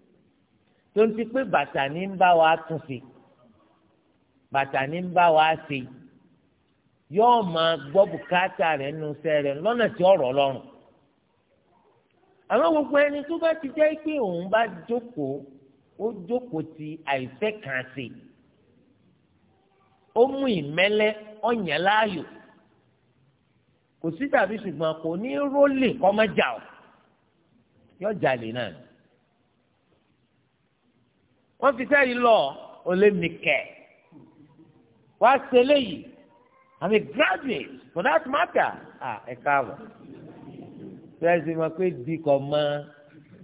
tó ń ti pé bàtà ní ń bá wa tún sí bàtà ní ń bá wa ṣe yóò máa gbọ́ bùkátà rẹ̀ nínú iṣẹ́ rẹ̀ lọ́nà tí ọ̀rọ̀ lọ́rùn. àmọ́ gbogbo ẹni tó bá ti jẹ́ pé òun bá jókòó ó jókòó ti àìfẹ́ kan sí i ó mú ìmẹ́lẹ́ ọ̀yàn láàyò kò sí tàbí ṣùgbọ́n kò ní rólè kọ́mọ́jà o yóò jalè náà wọ́n fi sẹ́yìn lọ olémikẹ́ wá ṣe léyìí I'm a graduate for that matter ah ẹ káàbọ̀ fẹsẹ̀ máa pé di kọ mọ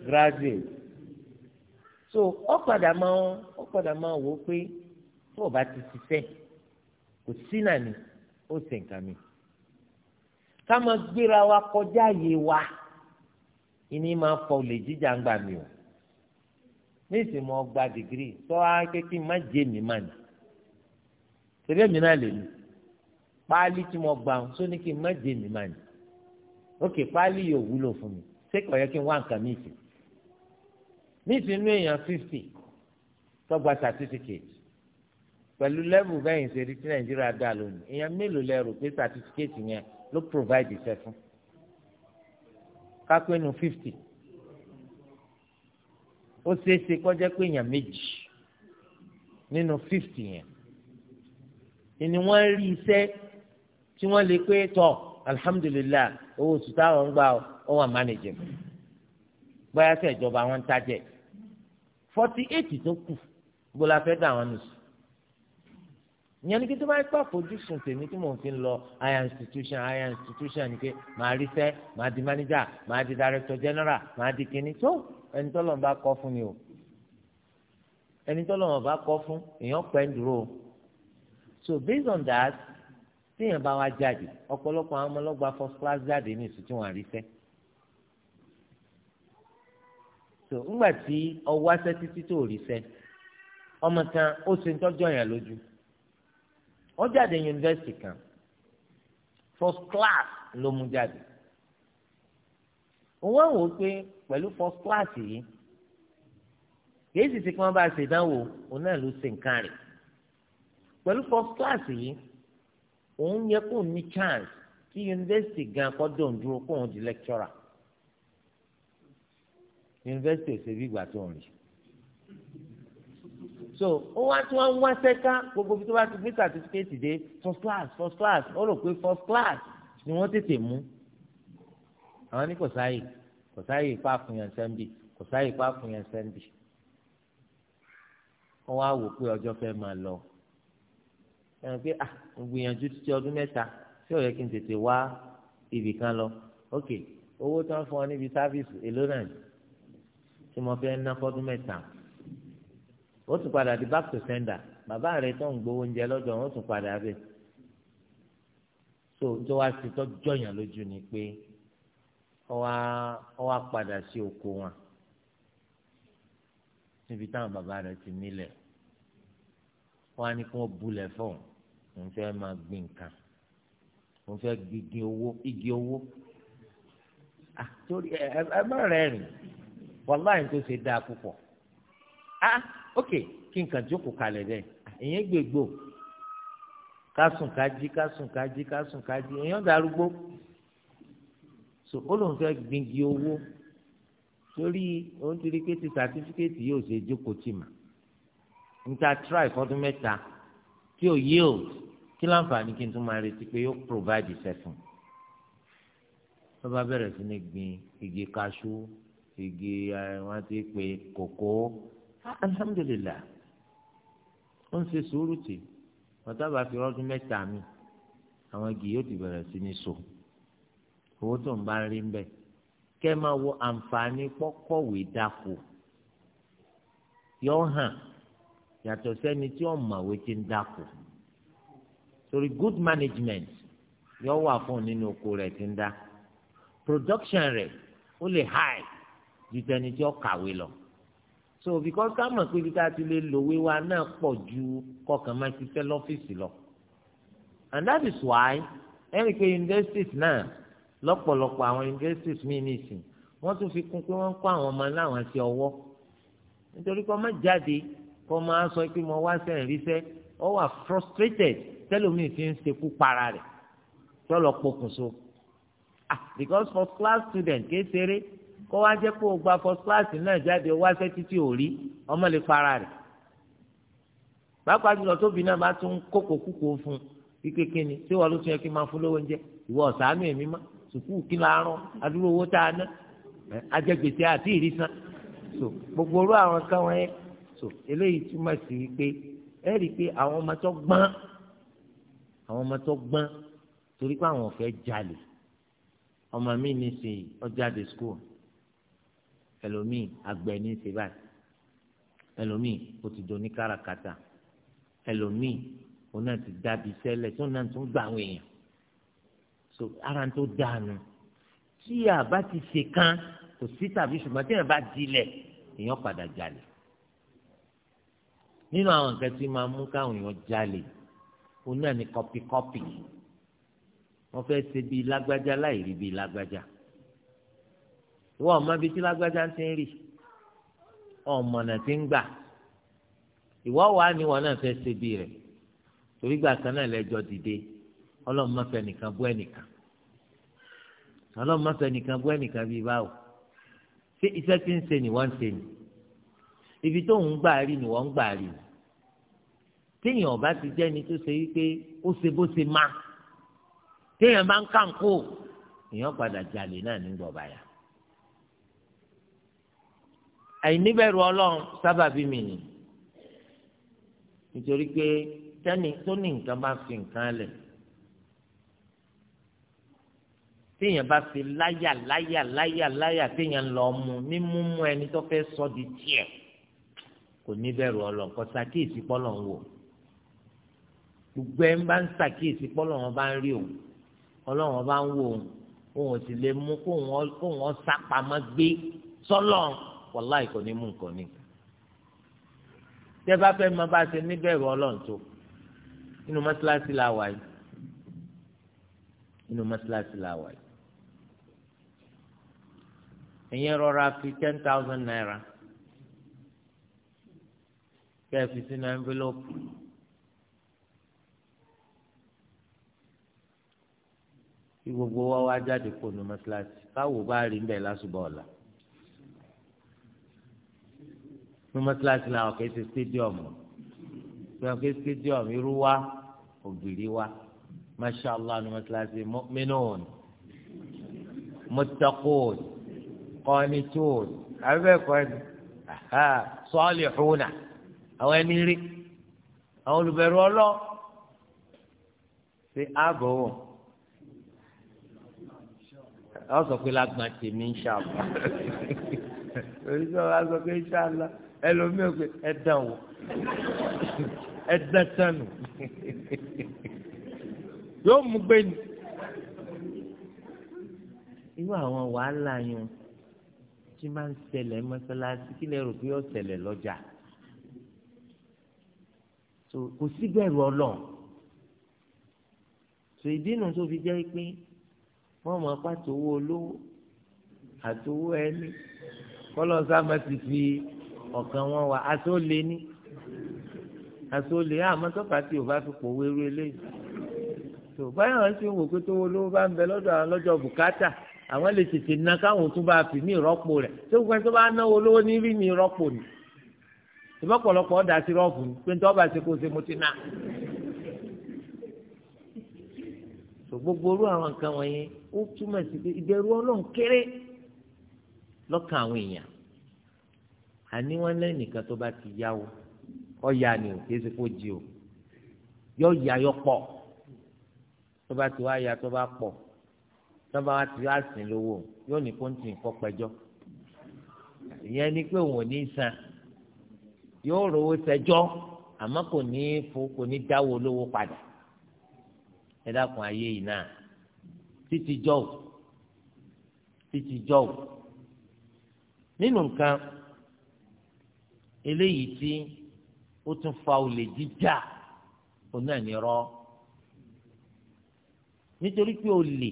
graduate so ó padà máa ó padà máa wò ó pé tó o bá ti ṣiṣẹ́ kò sí náà ni ó sì nǹkan mi ká máa gbéra wa kọjá yé wa ìní máa fọ olè jíjà ń gbà mí o ní ìsìn mo gba dìgírì sọ wá má jẹ mi má nì tẹ́lẹ̀ mi náà lè mi páálí tí mo gbà ń sóní kí n má dé mi máa ní ókè páálí yóò wúlò fún mi ṣé kò yẹ kí n wá nǹkan míì sí ní ìsinú èèyàn fifty tó gba certificate pẹ̀lú lẹ́bù bẹ́yìn ṣe rí tí nàìjíríà dá lónìí èèyàn mélòó lẹ pé certificate yẹn ló provide iṣẹ́ fún kápẹ́nu fifty ó ṣeéṣe kó jẹ́ pé èèyàn méjì nínú fifty yẹn ìní wọ́n rí iṣẹ́ tí wọ́n lè pé tọ̀ alihamudulilayi owó oṣù táwọn ń gbà ó wà mánéjì mi bóyá sẹ́ ìjọba wọn ń tajẹ̀ forty eight tó kù bó la fẹ́ dà wọn nù sùn ìyẹn ni kí tó bá yẹ àfojúsùn tèmi tí mò ń fi lọ higher institution higher institution ni pé màá rí sẹ́ màá di manager màá di director general màá di kíní tó ẹni tó lọ́n bá kọ́ fún ni o ẹni tó lọ́n bá kọ́ fún èèyàn pẹ́ ń dúró so based on that téèyàn bá wá jáde ọ̀pọ̀lọpọ̀ àwọn ọmọlọ́gba first class jáde ní ìsú tí wọ́n àrí fẹ́. tó ńgbà tí ọwọ́ aṣẹ́ títí tó rí fẹ́ ọmọ kan ó ṣe ń tọ́jú ọ̀yàn lójú ó jáde yunifásitì kan first class ló mú jáde òun wá wò ó pé pẹ̀lú first class yìí kìí sì ti kí wọ́n bá ṣèdánwò òun náà ló ṣe nǹkan rẹ̀ pẹ̀lú first class yìí òun yẹ kó ní chance kí yunifásitì gan kọ́ dòun dúró kó òun di lecturer yunifásitì ò ṣe ìgbà tó ń rí so ó wá tí wọ́n ń wá sẹ́ká gbogbo bí tó bá ti gbé certificate dé first class first class ó rò pé first class ni wọ́n tètè mú àwọn ní kò sáyè kò sáyè ipá àfihàn sẹ́ńbì kò sáyè ipá àfihàn sẹ́ńbì wọ́n wá wò pé ọjọ́ fẹ́ máa lọ ẹ̀rọ pé à ah, gbìyànjú títí ọdún mẹ́ta tí ò yẹ kí n tètè wá ibì kan lọ ok owó tó ń fún ọ níbi sáfíìsì èló náà tí mo fẹ́ ná fọ́dún mẹ́ta ó tún padà di back to sender bàbá rẹ tó ń gbowó oúnjẹ lọ́dọ̀ ó tún padà bẹ̀ so tó wá sí tọ́jọ́ yàn lójú ni pé ọ wá padà sí oko wọn níbi táwọn bàbá rẹ ti nílẹ̀ wọn á ní kí wọ́n bulẹ̀ fún un òun fẹ́ máa gbin nǹkan òun fẹ́ gbígi owó igi owó ah, torí ẹ ẹ má rẹ́rìn wàláhì tó ṣe dáa púpọ̀ ah ok kí nǹkan jókòó kalẹ̀ dẹ̀ ah, ìyẹn gbègbò kásùn kájí kásùn kájí kásùn kájí èèyàn darúgbó so ó lóun fẹ́ gbingi owó torí òun ti rí pé ti sàtífíkẹ́tì yóò ṣe jókòó tì mà níta try fọdún mẹ́ta tí ò yield kí láǹfààní kí n tún máa retí pé yóò provide iṣẹ́ fún tó bá bẹ̀rẹ̀ sí ní gbin igi kaṣú igi wọn ti pè kòkó alhamdulillah ó ń ṣe sùúrù tì wọn tábà fi ọdún mẹ́ta mi àwọn igi yóò ti bẹ̀rẹ̀ sí ní so owó tó ń bá rí ń bẹ̀ kẹ́ ẹ máa wo àǹfààní pọ́kọ̀wé dáko yọ hàn yàtọ̀ sẹ́ni tí ó mọ̀wé ti ń dáko torí good management yóò wà fún nínú oko rẹ̀ tí ń dá production rẹ̀ ó lè high ju tẹni tí ó kàwé lọ so because ká mọ̀ pé ibi tá a ti lè lò wíwá náà pọ̀ ju kọkàn máa ṣiṣẹ́ lọ́fíìsì lọ and that is why ẹnì pé universities náà lọ́pọ̀lọpọ̀ àwọn universities míì nìsín wọ́n tún fi kún pé wọ́n ń kó àwọn ọmọ láwọn sí ọwọ́ nítorí kó má jáde kó máa sọ pé mo wá sẹ́yìn ríṣẹ́ ó wà frustrated tẹlomi fi ń sekú para rẹ̀ tọlọ pokùnso ah because first class student ké seré kó wá jẹ́ kó o gba first class náà jáde wáṣẹ́ títí ò rí ọmọ lè para rẹ̀ pàápàá jùlọ tóbi náà bá tún kókò kúkò fún kíkékè ni tí wọn ló tún yẹ kí n máa fún lówó oúnjẹ ìwọ ọ̀sánú èmi má sùkúù kí la rán adúrò owó tá a ná ajẹgbèsè àti ìrísàn so gbogbo orú àwọn kan wọn yẹ so eléyìí túmọ̀ sí wípé ẹ rí i pé àwọn ọmọ tó gbọ́n àwọn ọmọ tó gbọ́n torí pé àwọn fẹ́ jalè ọmọ mi ní sè ọjáde school ẹlòmíì àgbẹ̀ ní sè báyìí ẹlòmíì ó ti do ní káràkátà ẹlòmíì ó náà ti dábì sẹ́lẹ̀ tó náà tún gbà àwọn èèyàn so ara tó dànù tí a bá ti ṣe kán kò sí tàbí ṣùgbọ́n tí èèyàn bá dilẹ̀ èèyàn padà jalè nínú àwọn nǹkan tí máa mú káwọn èèyàn jalè òun náà ni kọpikọpi wọ́n fẹ́ẹ́ ṣe bíi lágbájá láì rí bíi lágbájá ìwọ ọmọ bíi tí lágbájá ti ń rì ọmọ náà ti ń gbà ìwọ wàá ní wọn náà fẹ́ẹ́ ṣe bíi rẹ̀ torí gbà kan náà lẹ́jọ́ dìde ọlọ́run má fẹ́ nìkan bú ẹnìkan ọlọ́run má fẹ́ nìkan bú ẹnìkan bíi báwo ṣé iṣẹ́ tí ń ṣe ni wọ́n ń ṣe ni ibi tó ń gbà rí ni wọ́n ń gbà rí ni téèyàn ọba ti jẹ́ ẹni tó ṣe wípé ó ṣe bó ṣe má téèyàn bá ń kàǹkó èèyàn padà jalè náà nígbà ọba yà. àìníbẹ̀rù ọlọ́run sábàbí mi nì nítorí pé tẹ́ni tó ní nǹkan bá fi nǹkan lẹ̀ téèyàn bá fi láyà láyà láyà láyà téèyàn lọ mú mímú mú ẹni tó fẹ́ sọ di tiẹ̀ kò níbẹ̀rù ọlọ́run kò sàkíyèsí pọ́lọ́run wò gbogbo ẹ̀ ń bá ń ṣàkíyèsí pọ́lọ́wọ́n bá ń rí òun ọlọ́wọ́n bá ń wò òun òun ò sì lè mú kóun ọ sápamọ́ gbé sọ́lọ́ wàláì kò ní mú nǹkan ní. tẹ́ bá fẹ́ máa bá ṣe níbẹ̀rù ọlọ́run tó inú mọ́tíláṣí la wà yìí inú mọ́tíláṣí la wà yìí. ẹ̀yin rọra fi ten thousand naira kẹ́ ẹ fi sínú envelope. kí gbogbo wa wá jáde kó nu mọ́ṣáláṣí káwọ bá rí ń bẹ̀ lásùbọ̀ ọ̀la nu mọ́ṣáláṣí làwọn kì í ṣe stadium làwọn kì í ṣe stadium irú wa ògiri wa masha nu mọ́ṣáláṣí mu'minun muttaqun qanitun abẹ́ẹ̀kọ́ ni salihuna àwọn ẹni rí àwọn olùbẹ̀rù ọlọ́ ṣe ààbò wọn ọ sọ pé lágbọn tèmi ń ṣàlọ torí sọ wá sọ pé ń ṣàlọ ẹlòmíràn pé ẹ dán wò ẹ dán tánu yóò mú gbé ni. irú àwọn wàhálà yẹn tí máa ń ṣẹlẹ̀ mọ́sálásí kí lè rò pé ó ṣẹlẹ̀ lọ́jà kò síbẹ̀rù ọlọ́run tò ìdí nu tó fi jẹ́ pé wọ́n mọ pàtó owó olówó àti owó ẹni kọ́lọ́ sábà ti fi ọ̀kan wọn wá aṣọ lé ní aṣọ lé àmọ́ sọ́kà tí o bá fi pòwó eré eléyìí tó báyọ̀ ṣe ń wò pé tó owó olówó bá ń bẹ lọ́dọ̀ àwọn lọ́jọ́ bùkátà àwọn lè tètè na káwọn tún bá fi ní ìrọ́pò rẹ̀ tó gbọ́n tó bá náwó olówó ní rí ní ìrọ́pò ni ìbọ̀pọ̀lọpọ̀ ọ̀dà sí rọ́ọ̀fù pé ní tó bá ṣe kó ṣe mo ti ná tó gbogbo orú àwọn nǹkan wọ̀nyí ó túmọ̀ sí pé ìbẹ̀rù ọlọ́run kéré lọ́kàn àwọn èèyàn àní wọn lẹ́nìkan tó bá ti yáwó ọ̀yà ni ò kí ẹ ṣe kó jí o yọ ya yọ pọ̀ tó bá ti wá ya tó bá pọ̀ tó bá ti wá sìn lówó yóò ní kó ń tì ìyẹn ni pé òun ò ní san yóò rówó sẹjọ́ àmọ́ kò ní fo kò ní dáwó lówó padà ẹ dákun ayé yìí náà títí jọ́wọ́ títí jọ́wọ́ nínú nǹkan eléyìí tí ó tún fa olè jíjà òun náà ní rọ nítorí pé olè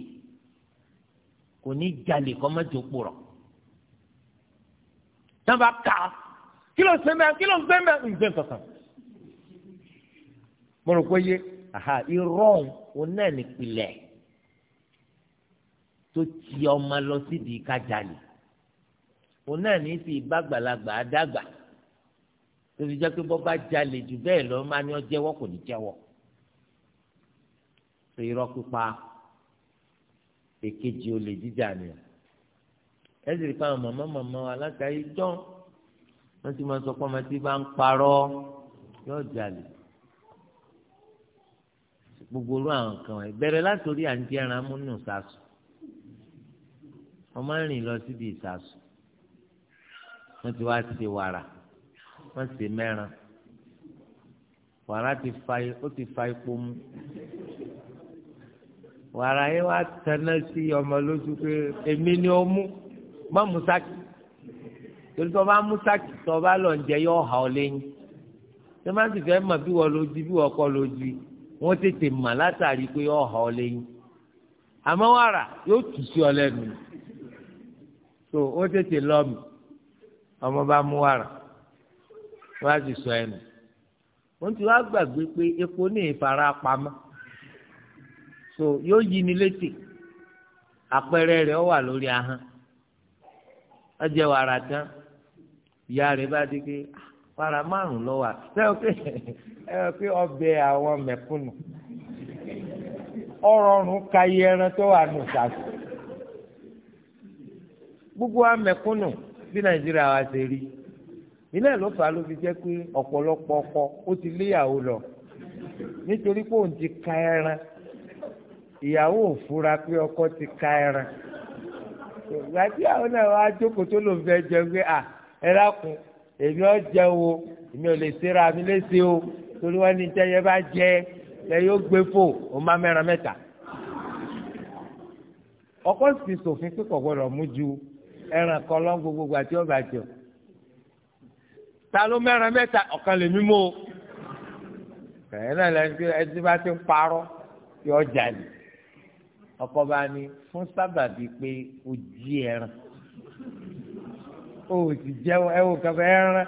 kò ní jalè kọ́ mọ́tò kpọ̀rọ̀ tá a bá kí ló ń sẹ́mbẹ́ kí ló ń sẹ́mbẹ́ ń gbẹ́ kankan mo rò pé yé aha irọ́ òun náà nípìnlẹ̀ tó ti ọmọ lọ sídìí kájàlè òun náà ní fi ìbágbàlagbà dàgbà tó fi jẹ́ pé bọ́ bá jalè jù bẹ́ẹ̀ lọ máa ní ọ jẹ́wọ́ kò ní jẹ́wọ́ tó irọ́ pípa èkejì olè jíjà ni ẹ sì rí i pé àwọn màmá màmá wa látàrí jọ́ wọ́n ti máa sọ pé ọmọ tí bá ń parọ́ yóò jalè gbogbo olú àwọn kan wọ̀nyí bẹ̀rẹ̀ látòrí à ń jẹ́ ẹran múnú sàṣù wọ́n máa ń rìn lọ síbi ìsàṣù wọ́n ti wá ṣe wàrà wọ́n ṣe mẹ́ran wàrà ti fa ó ti fa epo mu wàrà yẹn wá tẹná sí ọmọ lójú pé èmi ni ó mú má mú sákì torí tó bá mú sákì tó bá lọ ń jẹ yóò hà ọ lẹ́yìn tó má ti fẹ́ mọ̀ bí wọ́n lójú bí wọ́n kọ́ lójú yìí. wọ́n tètè mà látàrí pé ọ̀hà ọ lẹ́yìn àmọ́ wàrà yóò tù sí ọ tó ó tètè lọ́mì ọmọ bá mú wàrà wọ́n á sì sọ wọ́n ti wá gbàgbé pé epo ní ìfara pamọ́ so yóò yí ni létí àpẹẹrẹ rẹ̀ wà lórí ahọ́n ọjẹ wàrà tán ìyá rẹ̀ bá dé pé ah, para márùn lọ wà sẹ́wọ́n pé ẹ̀rọ pé ọbẹ̀ àwọn mẹ̀kúnnù ka kayé ẹran tó wà nù gbogbo wa mẹ̀kúnnù bí nàìjíríà wa ṣe rí ilé ló fà ló ọkọ ó ti léyàwó lọ nítorí pé ti ka ẹran ìyàwó fura pé ọkọ ti ka ẹran ìgbà tí àwọn náà wá jókòó tó pé èmi ọ jẹun o èmi ò lè ṣera mi léṣe o torí wọn ní tẹyẹ bá jẹ ẹ yóò gbé fò ó má mẹ́ran mẹ́ta ọkọ sì ṣòfin pé kò gbọdọ̀ mú ju ẹran kan lọ gbogbo àti ọba jọ ta ló mẹ́ran mẹ́ta ọ̀kan lèmi mú o bẹ́ẹ̀ náà lẹni ẹni bá ti ń parọ́ yọ ọjà ni ọkọ bá ní fún sábàbí pé o jí ẹran ó sì jẹun ẹ wò kẹfẹ ẹran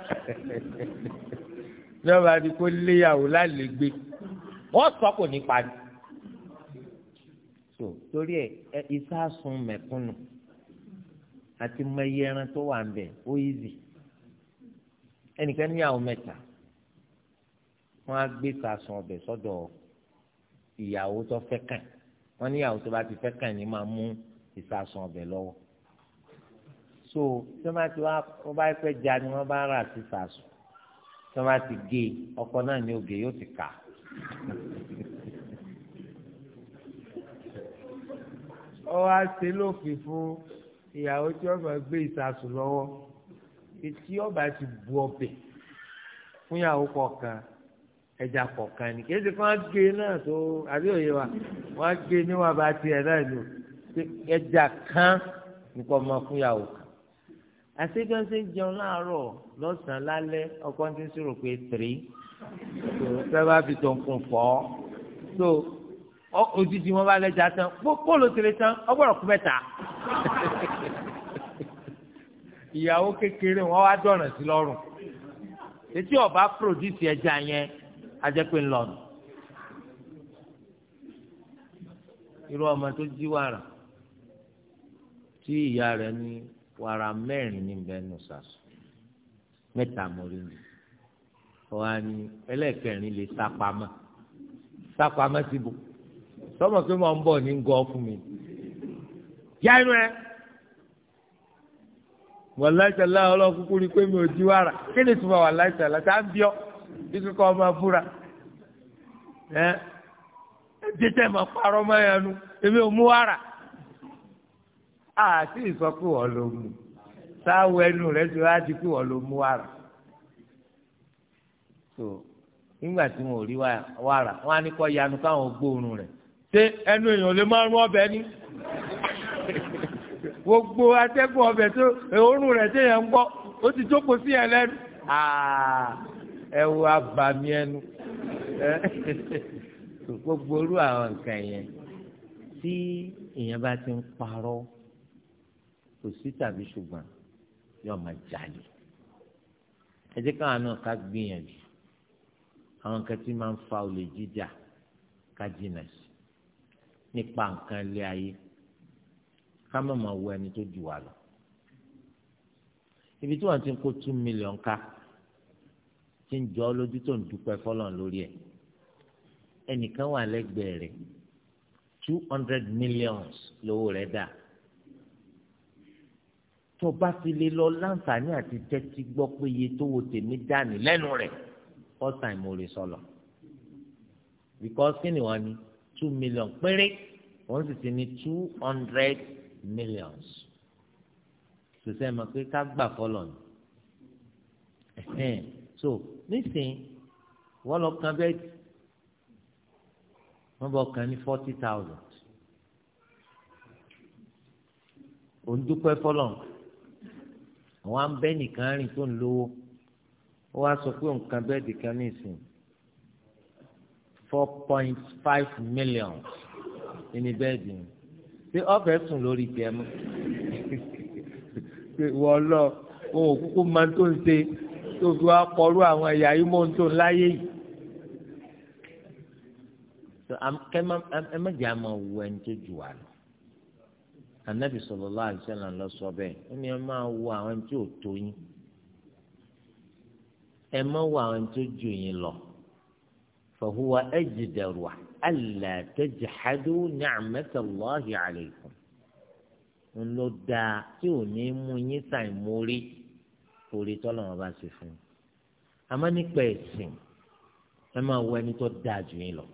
lọba di kó léyàwó lálẹgbẹ wọn sọ kò ní parí so torí ẹ ìsásùn mẹ̀kúnnù àti mẹyẹ ẹran tó wà ń bẹ ó yízì ẹnìkan níyàwó mẹ́ta wọn á gbé sàsùn ọbẹ̀ sọ́dọ̀ ìyàwó tó fẹ́ kàn wọn níyàwó tó bá ti fẹ́ kàn ní máa mú ìsásùn ọbẹ̀ lọ́wọ́ so tí wọ́n bá ti wá wọ́n bá pẹ́ ja ni wọ́n bá rà sí sàásù tí wọ́n bá ti gé ọkọ náà ní oge yóò ti kà ó wá ṣe lófin fún ìyàwó tí wọ́n máa gbé ìsàsù lọ́wọ́ etí ọba ti bu ọbẹ̀ fún ìyàwó kọ̀ọ̀kan ẹja kọ̀ọ̀kan ni kí ẹ ti kọ́ wọ́n gé náà tó àbí òye wa wọ́n gé níwọ̀n bá tiẹ̀ náà lò ẹja kan nìkan máa fún ìyàwó kan àṣegbọ́nsẹ̀ jẹun láàárọ̀ lọ́sàn-án lálẹ́ ọkọ tí ń sọ̀rọ̀ pé tìrì tó sábà fi tó ń kún fọ́ so òjijì wọn bá lẹ́jà tán bóòlù tìrì tán ọgbọ́dọ̀ kú mẹ́ta ìyàwó kékeré wọn wá dọ̀ràn sí lọ́rùn etí ọba produce ẹja yẹn ajẹ́pẹ́ ńlọrọ̀ irú ọmọ tó jí wàrà tí ìyá rẹ̀ ní wàrà mẹ́rin ní bẹ́ẹ̀nù sàṣù mẹ́ta mọ́rí ni wà ní ẹlẹ́kẹ̀rin lè sápamọ́ sápamọ́ sí bo sọmọ pé mo ń bọ̀ ní gọ́ fún mi yá inú ẹ wàláìsàlá ọlọ́kúkú rí pé mi ò di wàrà kí ni tuma wàláìsàlá tá a ń bíọ́ bí kíkọ́ ọmọ fúra ẹ ẹ jẹjẹ máa parọ́ mọ́ ẹ̀yánu èmi ò mú wàrà àti ìsọ pé wọ́n ló mú sáwọ ẹnu rẹ̀ ti wá di pé wọ́n ló mú wàrà so nígbà tí wọn ò rí wàrà wọn á ní kọ́ yanu káwọn gbóòórùn rẹ̀ ṣé ẹnu èèyàn lè máa rún ọbẹ̀ ni gbogbo atẹ́gùn ọbẹ̀ tó òórùn rẹ̀ téèyàn ń gbọ́ ó ti jókòó sí ẹ lẹ́nu ẹ wo abàmì ẹnu gbogbo orú àwọn nǹkan yẹn tí èèyàn bá ti ń parọ́ kò sí tàbí ṣùgbọ́n yóò máa jalè ẹ jẹ́ káwọn náà ká gbìyànjú àwọn nǹkan tí máa ń fa olè jíjà ká jìnà sí nípa nǹkan ilé ayé ká má máa wo ẹni tó jù wá lọ ibi tí wọ́n ti ń kó two million ká ti ń jọ lójú tó ń dúpẹ́ fọ́lọ́run lórí ẹ̀ ẹnìkan wà lẹ́gbẹ̀ẹ́ rẹ̀ two hundred millions lówó rẹ̀ dáa tó bá fi lè lọ láǹfààní àti tẹ́tí gbọ́ pé iye tó wo tèmi dání lẹ́nu rẹ̀ first time mo lè sọlọ because kí ni wọ́n ní two million péré wọ́n sì ti ní two hundred millions sọsẹ́ ma pé ká gbà fọlọ̀ ni so nísìnyí wọ́n lọ kan bẹ́ẹ̀ wọ́n bọ̀ kan ní forty thousand òun dúpẹ́ fọlọ̀ nǹkan àwọn à ń bẹ́ nìkan rìn tó ń lówó ó wá sọ pé nǹkan bẹ́ẹ̀dì kan ní ìsìn four point five million ní bẹ́ẹ̀dì ni ṣé ọ̀fẹ́ sùn lórí tiẹ̀ mọ́ ìwọ lọ ohun òkúkú máa tó ń ṣe tó fi wá kọrú àwọn ẹ̀yà yìí mọ́ tó ń láyé yìí ẹ má jẹ́ àmọ́ wọ ẹni tó jù wá lọ anabi sallallahu alaihi wasallam lọ sọ bẹ́ẹ̀ ó ní ẹ máa wo àwọn tí ò tó yín ẹ má wo àwọn tó ju yín lọ fahuwa ajdaru alla tajhadu ni'matallahi alaykum ń lọ dáa tí ò ní mú yín sàn mórí torí tọ́lọ́wọ́n bá ṣe fún un àmọ́ nípa ẹ̀sìn ẹ máa wo ẹni tó dáa jù yín lọ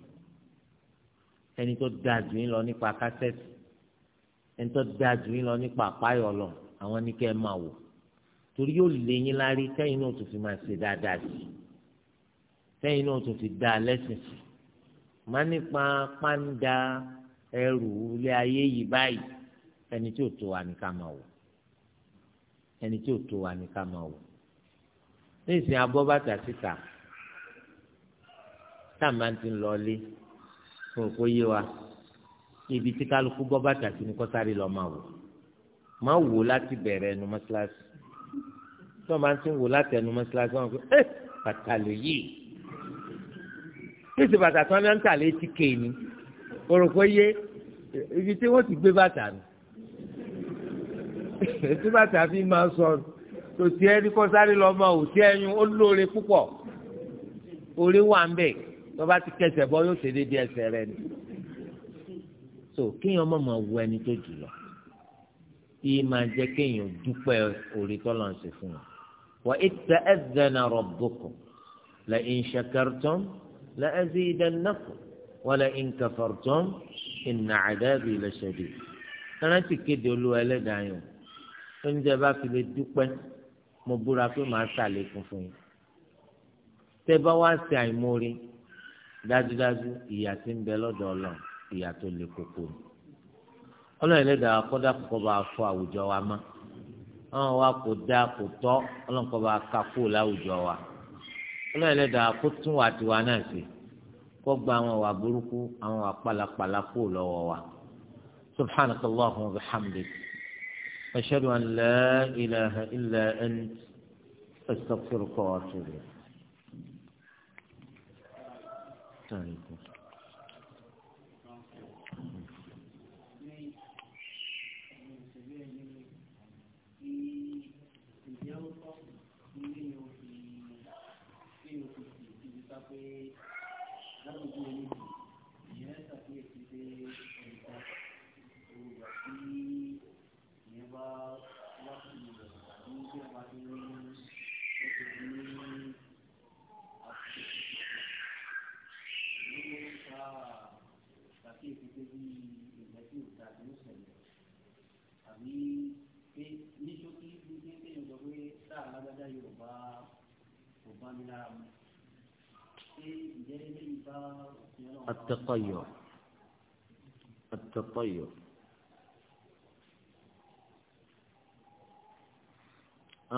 ẹni tó dáa jù yín lọ nípa kásẹ̀tì ẹ̀ńtọ́ dáa jù yín lọ nípa àpáyọ̀ lọ àwọn ní kẹ́ ẹ máa wò torí yóò lè yín lárí tẹ́yìn náà tó fi máa ṣe dáadáa sí i tẹ́yìn náà tó fi dáa lẹ́sìn sí i má nípa pàǹdà ẹrù ilé ayé yìí báyìí ẹni tí ò tó wa ní ká máa wò ẹni tí ò tó wa ní ká máa wò ní abọ́ bàtà síta táà máa ti ń lọ ilé fún òkú yé wa ibi tí kálukú bọ́ bàtà sí ni kọ́sárì lọ́ọ́ máa wò máa wò láti bẹ̀rẹ̀ ẹnu mọ́ṣáláṣí tó máa ti ń wò láti ẹnu mọ́ṣáláṣí wọn pé ẹ bàtà lè yí kí ẹsẹ̀ bàtà tí wọ́n máa ń tà létí kéènì orúkọ yé ibi tí wọ́n ti gbé bàtà nù ètí bàtà fi máa sọ tò tí ẹ ní kọ́sárì lọ́ọ́ máa wò tí ẹyún ó lóore púpọ̀ orí wà ń bẹ̀ tó bá ti kẹsẹ̀ bọ́ yóò ṣe déédéé ẹsẹ̀ rẹ ni so kéèyàn mọ̀ mọ̀ wọ ẹni tó jù lọ yìí máa jẹ́ kéèyàn dúpẹ́ orí tọ́lọ̀ ń ṣe fún wa. wa itta'adhana rabbukum la in shakartum la azidannakum wa la in kafartum inna 'adhabi la shadid. rántí kéde olúwa ẹlẹ́dàá yẹn tó bá fi lè dúpẹ́ mo búra pé màá ṣàlékún fún yín. tẹ́ bá wá ṣe àìmórí dájúdájú ìyà tí ń bẹ lọ́dọ̀ ọlọ́run ìyà tó le koko ni ọlọ́run ẹlẹ́dàá kọ́dà kọ́kọ́ bá fọ àwùjọ wa mọ́ àwọn wa kò dáa kò tọ́ ọlọ́run kọ́ bá ka kó láwùjọ wa ọlọ́run ẹlẹ́dàá kó tún wà tiwa náà sí kó gba àwọn wà burúkú àwọn wà pàlàpàlà kó lọ́wọ́ wa subhanaka wa bihamdik ashhadu an la ilaha illa ant astaghfiruka wa atubu ilayk. pé lágbègbè orí ìyẹn ṣàkíyèsí pé ẹ̀ka òògbà tí ìyẹn bá lákùnrin rẹ̀ ní bí wọ́n bá ti ní oṣù tó ní àkókò ní ó ṣá ṣàkíyèsí pé bí ìgbà tí òògbà tó ń ṣẹlẹ̀ àbí pé ní ṣókí bí pé kéèyàn sọ pé sáà lágbájá Yorùbá kò bá mi lára mu. التطير التطير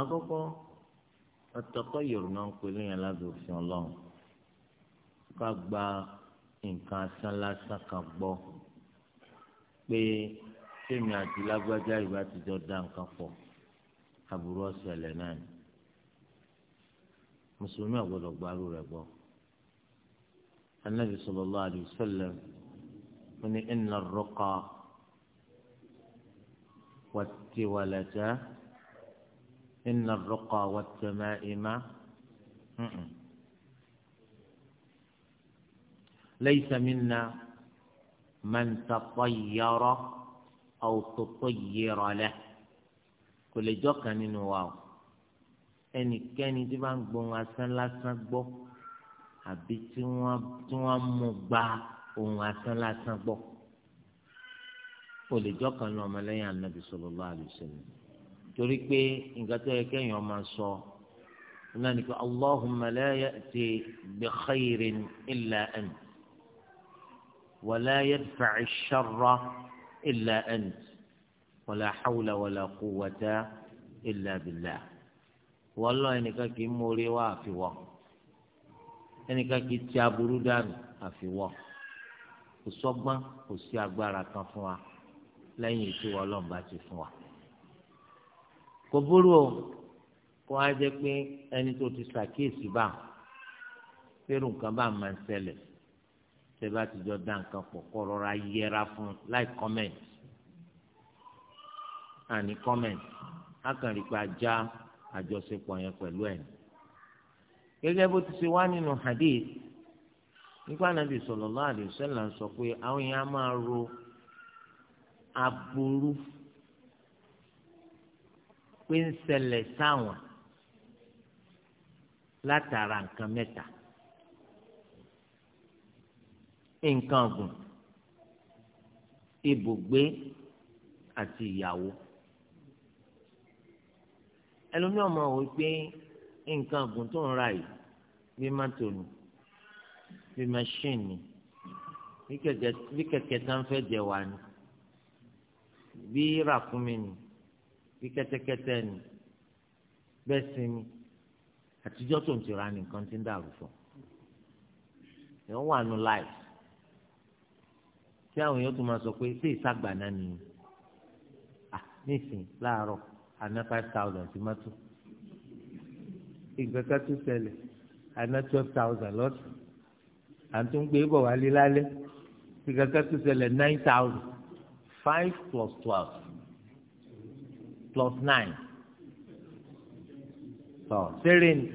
àkọ́kọ́ التطير náà ń pè léyìn aládùúgbò Ọlọ́run ká gba nǹkan asán lásán kan gbọ́ pé tèmi àti lágbájá ìwà àtijọ́ dá nǹkan pọ̀ àbúrò ọ̀sẹ̀ lẹ̀ ni mùsùlùmí àgbọ̀dọ̀ gbárù rẹ̀ gbọ́. النبي صلى الله عليه وسلم من إن الرقى والتولة إن الرقى والتمائم ليس منا من تطير أو تطير له كل جوكا واو ẹnikẹ́ni tí bá ń gbóhùn asán lásán بوك àbí tí wọ́n tí wọ́n mú gba ohun asán lásán gbọ́ olùjọ́ kan ní ọmọlẹ́yìn anabi sallallahu alaihi wasallam torí pé nǹkan tó yẹ kẹ́yìn ọmọ sọ ọmọ ní pé allahumma la ya'ti bi khayrin illa ant wa la yadfa'i sharra illa ant wa la hawla wa la quwwata ẹnìkan kì í mórí wá àfiwọ́ ẹnìkan kì í ti aburú dànù àfiwọ́ kò sọ́gbọ́n kò sí agbára kan fún wa lẹ́yìn ètò ọlọ́run bá ti fún wa. kò burú o kó wá jẹ́ pé ẹni tó ti ṣàkíyèsí bá fẹ́rù nǹkan bá máa ń ṣẹlẹ̀ tẹ́ bá ti jọ dá nǹkan pọ̀ kọ́ rọra yẹra fún láì kọ́mẹ̀ntì àní kọ́mẹ̀ntì á kàn rí pa já àjọṣepọ̀ yẹn pẹ̀lú ẹ̀yìn gẹ́gẹ́ bó ti ṣe wá nínú hadith nípa nàbì sallallahu alaihi wasallam sọ pé àwọn èèyàn máa ro aburú pé ń ṣẹlẹ̀ sáwọn látara nǹkan mẹ́ta nǹkan ọ̀gùn ibùgbé àti ìyàwó ẹlòmíràn máa wò pé nǹkan ọ̀gùn tó ń ra yìí bí mọ́tò ni bí mẹ́ṣíìnì ni bí kẹ̀kẹ́ tá fẹ́ jẹ wá ni bí ràkúnmí ni bí kẹ́tẹ́kẹ́tẹ́ ni bẹ́ẹ̀ sì ni àtijọ́ tó ń ti ra nìkan ti ń dàrú fún ẹ̀ ń wà nù láì tí àwọn èèyàn tó máa sọ pé ṣé ìsàgbà náà nìyí ah nísìnyí láàárọ̀ àná five thousand ti mọ́tò nǹkan ká tó ṣẹlẹ̀ àná twelve thousand lọ́sùn à ń tún gbé bọ̀ wálé lálẹ́ nǹkan ká tó ṣẹlẹ̀ nine thousand five plus twelve plus nine tọ sẹ́rẹ̀ ni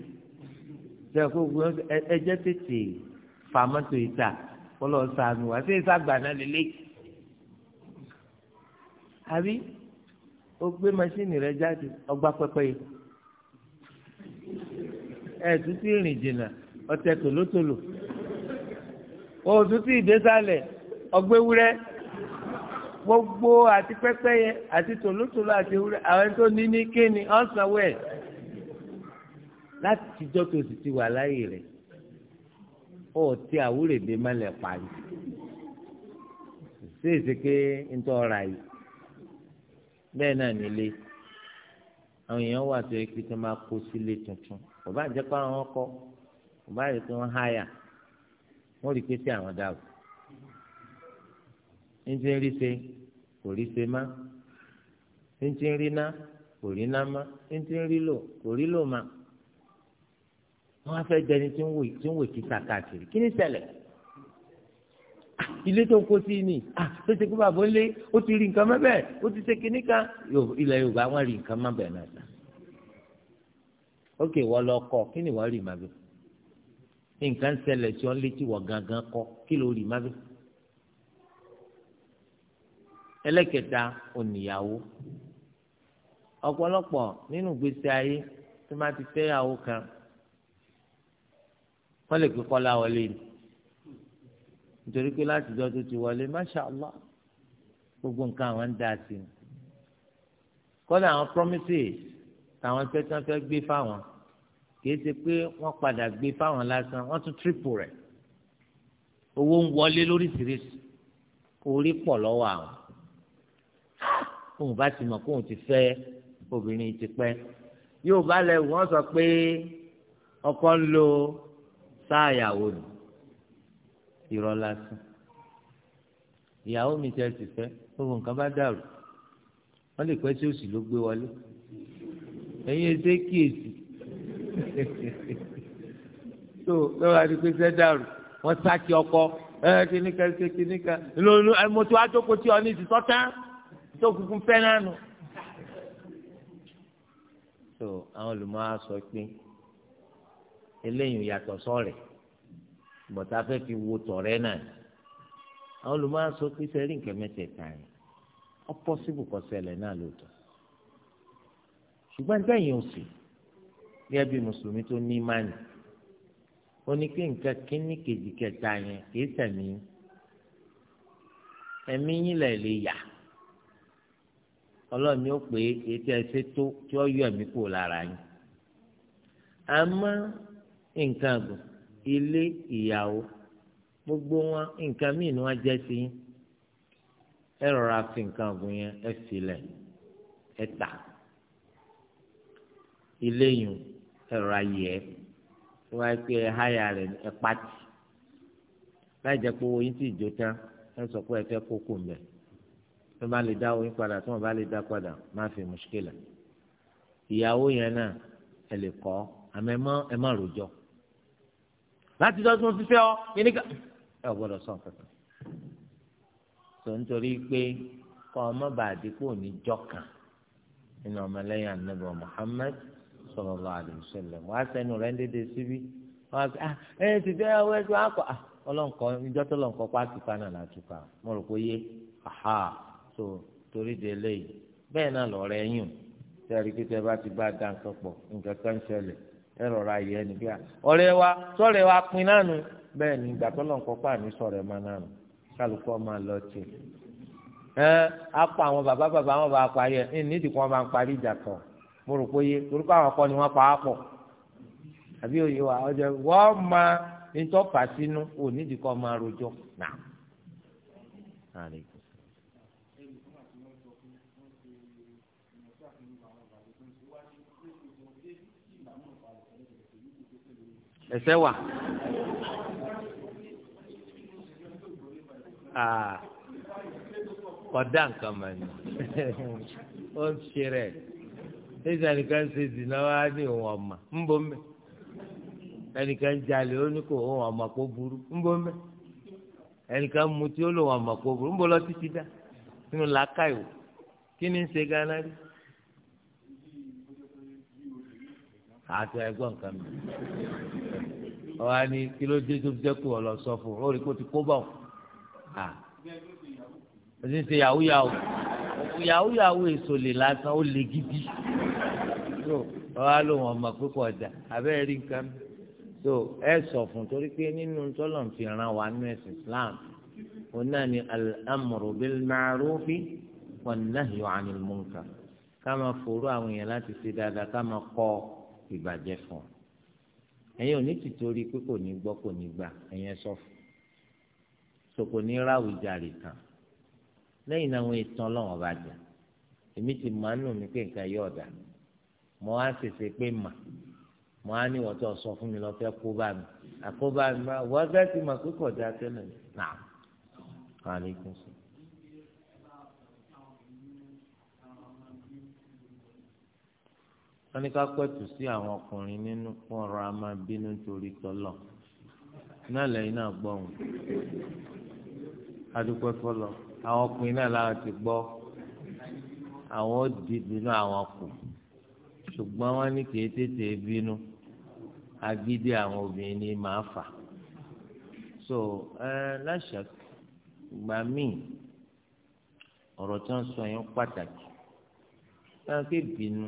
ṣe kó ẹjẹ́ tètè fàmọ́tò ìta kọlọ sànù wá sí ìsàgbà náà lélẹ́yìí àbí ó gbé masínì rẹ jáde ọgbà pẹpẹ yìí. ẹ̀ tún ti rìn jìnnà ọ̀tẹ̀ tòlótòló o ìdésàlẹ̀ ọgbẹ́wúrẹ́ gbogbo àti pẹ́pẹ́yẹ àti tòlótòló àti ewúrẹ́ àwọn tó ní ní kíni ọ̀sánwó láti tijọ́ tó sì ti wà láyé rẹ̀ ó ti àwúrèdè mọ́lẹ̀ parí sí ńtọ́ ọ̀rà yìí bẹ́ẹ̀ náà nílé àwọn èèyàn wà tó yẹ kí tó máa kó sílé kò bá jẹ́ pé àwọn ọkọ kò bá rí i pé wọ́n háyà wọ́n rí i pé sí àwọn dàrú ń ti rí ṣe kò rí ṣe má ń ti rí ná kò rí ná má ń ti rí lò kò rí lò má wọ́n á fẹ́ jẹni tí ń wò kíta káàkiri kí ni ṣẹlẹ̀ ah, ilé tó ń kó sí ni ah, tó ṣe kó bàbá ń lé ó ti rí nǹkan mẹ́bẹ̀ẹ́ ó ti ṣe kinní kan ilẹ̀ Yorùbá wọn rí nǹkan mẹ́bẹ̀ẹ́ náà ókè wọ́n lọ kọ́ kí ni wọ́n rì má bẹ́ẹ̀ nǹkan ṣẹlẹ̀ tí wọ́n létí wọ́n gangan kọ́ kí ló rì má bẹ́ẹ̀ ẹlẹ́kẹta oníyàwó ọ̀pọ̀lọpọ̀ nínú gbèsè ayé tí wọ́n ti fẹ́ yàwó kan wọ́n lè pé kọ́lá wọlé ni nítorí pé láti tó ti wọlé masha allah gbogbo nǹkan àwọn ń dá sí i kọ́lá àwọn promises táwọn tẹ́tàn fẹ́ gbé fáwọn kì í ṣe pé wọ́n padà gbé fáwọn lásán wọ́n tún tírípù rẹ̀ owó ń wọlé lóríṣiríṣi orí pọ̀ lọ́wọ́ àwọn òun bá ti mọ̀ kóun ti fẹ́ obìnrin ti pẹ́ yóò bá lẹ̀ wọ́n sọ pé ọkọ ń lo sáà ìyàwó nù irọ́ lásán ìyàwó mi tẹ́ ti fẹ́ gbogbo nǹkan bá dàrú wọ́n lè pẹ́ tí òsì ló gbé wọlé ẹ̀yin ẹsẹ̀ kíyèsí tó lọ́wọ́ adigun ṣẹ́ dàrú wọ́n sáàkì ọkọ ẹ̀ kìnnìkà ṣe kìnnìkà lónú mọ̀tò àjọkọ̀tì ọ̀ní ti sọ́tà tó kúkú fẹ́ nánu. tó àwọn olùmọ̀ á sọ pé eléyìí yàtọ̀ sọ́ọ̀rẹ̀ bọ̀tà fẹ́ fi wo tọ̀rẹ́ náà àwọn olùmọ̀ á sọ pé sẹ́rí nǹkan mẹ́tẹ̀ẹ̀ta yẹn ọ pọ́sibù kọ́ ṣẹlẹ̀ náà lóòótọ́ ṣùgbọ́n tẹ̀yìn ò sí gẹ́gẹ́ bí mùsùlùmí tó ní ìmánì ó ní kí nǹkan kínní kejì kẹta yẹn kì í sẹ̀mí ẹ̀mí yín lẹ̀ lè yà ọlọ́run ni ó pè é etí ẹsẹ̀ tó tí ó yọ ẹ̀mí kúrò lára yín àmọ́ nǹkan àgùn ilé ìyàwó gbogbo wọn nǹkan míì ni wọ́n jẹ́ sí yín ẹ rọra fi nǹkan àgùn yẹn ẹ filẹ̀ ẹ tà á iléyìn ẹ̀rọ ayé ẹ̀ tó wáyé pé ẹ háyà rẹ̀ ẹ pàtì láì jẹ́ pé oyin ti jó tán ẹ sọ pé ẹ fẹ́ kókó mbẹ́ tó bá lè dá oyin padà tó wọn bá lè dá padà má fi mùsùkìlà ìyàwó yẹn náà ẹ lè kọ́ àmọ́ ẹ má rojọ́ láti dọ́ tí mo fi fẹ́ ọ kíní ká ẹ gbọ́dọ̀ sọ nǹkan kan tó ń torí pé kọ́ ọmọ bàdí kò ní jọ́ kan nínú ọmọlẹ́yìn anábọ̀ Muhammad. sallallahu alaihi wasallam wọ́n á sẹ́nu rẹ̀ ah ẹ̀yìn ti fẹ́ ẹwọ́ ẹ̀sùn akọ ah ọlọ́nkọ́ ìjọ tó lọ́nkọ́ pa àtùpà náà aha so torí de eléyìí bẹ́ẹ̀ náà lọ rẹ̀ yùn sẹ́ẹ̀rì pé bá ti bá dá nǹkan pọ̀ nǹkan kan ń ṣẹlẹ̀ ẹ rọra yẹ ah, ọ̀rẹ́ wa sọ̀rẹ́ wa pin bẹ́ẹ̀ ni ìgbà tó pa àmì sọ̀rẹ́ lọ tiẹ̀ ẹ àwọn bàbá bàbá wọn bá parí ẹ mo rò pé àwọn ni wọ́n pa á pọ̀ àbí òye wa máa ẹsẹ wa nǹkan mọ ó ń ṣe rẹ. ẹsẹ ẹnìkan ṣe dìnnà wá ní òun ọmọ ń bọ mẹ ẹnìkan jalè ó ní kò òun ọmọ kó burú ń bọ mẹ ẹnìkan mutí ó lòun ọmọ kó burú ń bọ títí dá nínú làákàyò kí ni ń ṣe gánà rí. àti ẹ̀gbọ́n kan mi ọ̀hání kí ló dé tó jẹ́ ọ lọ sọ fún un rí kó ti kó bọ̀ ọ́ òsì ṣe yahoo yahoo yahoo yahoo èso lè lásán ó lè gidi so ọ̀hà ló wọn mọ̀ pé kò ọjà abẹ́rẹ́ rí nǹkan so ẹ sọ fún torí pé nínú tọ́lọ̀ ń fi ran wa nínú ẹ̀sìn Islam òun náà ni al-amru bil ma'rufi wan nahyu 'anil munkar fòrò àwọn èèyàn láti ṣe dáadáa ká kọ ìbàjẹ́ fún ẹ̀yin ò ní tìtorí pé kò ní gbọ́ kò ní gbà ẹ̀yin ẹ sọ fún so kò ní ráwùjáre kan lẹ́yìn náà wọ́n tán Ọlọ́run ọba jẹ èmi ti mọ àánú mi pé nǹkan yóò dà mọ á pe pé mà mọ á ní sọ fún mi lọ fẹ́ kó bá mi mi wọ́n fẹ́ ti mọ̀ pé kò dáa tẹ́lẹ̀ náà kàlẹ́ kún sí. wọ́n ní ká pẹ̀tù sí àwọn ọkùnrin nínú a máa bínú torí tọ́lọ̀ náà lẹ́yìn náà gbọ́ wọn adúpẹ́ fọlọ́. àwọn ọkùnrin náà làwọn ti gbọ́ àwọn ó di bínú àwọn kù ṣùgbọ́n wọ́n ní kì tètè bínú agídí àwọn obìnrin ni màá fà so ẹ láṣà gbà míì ọ̀rọ̀ tí wọ́n sọ yẹn pàtàkì náà ké bínú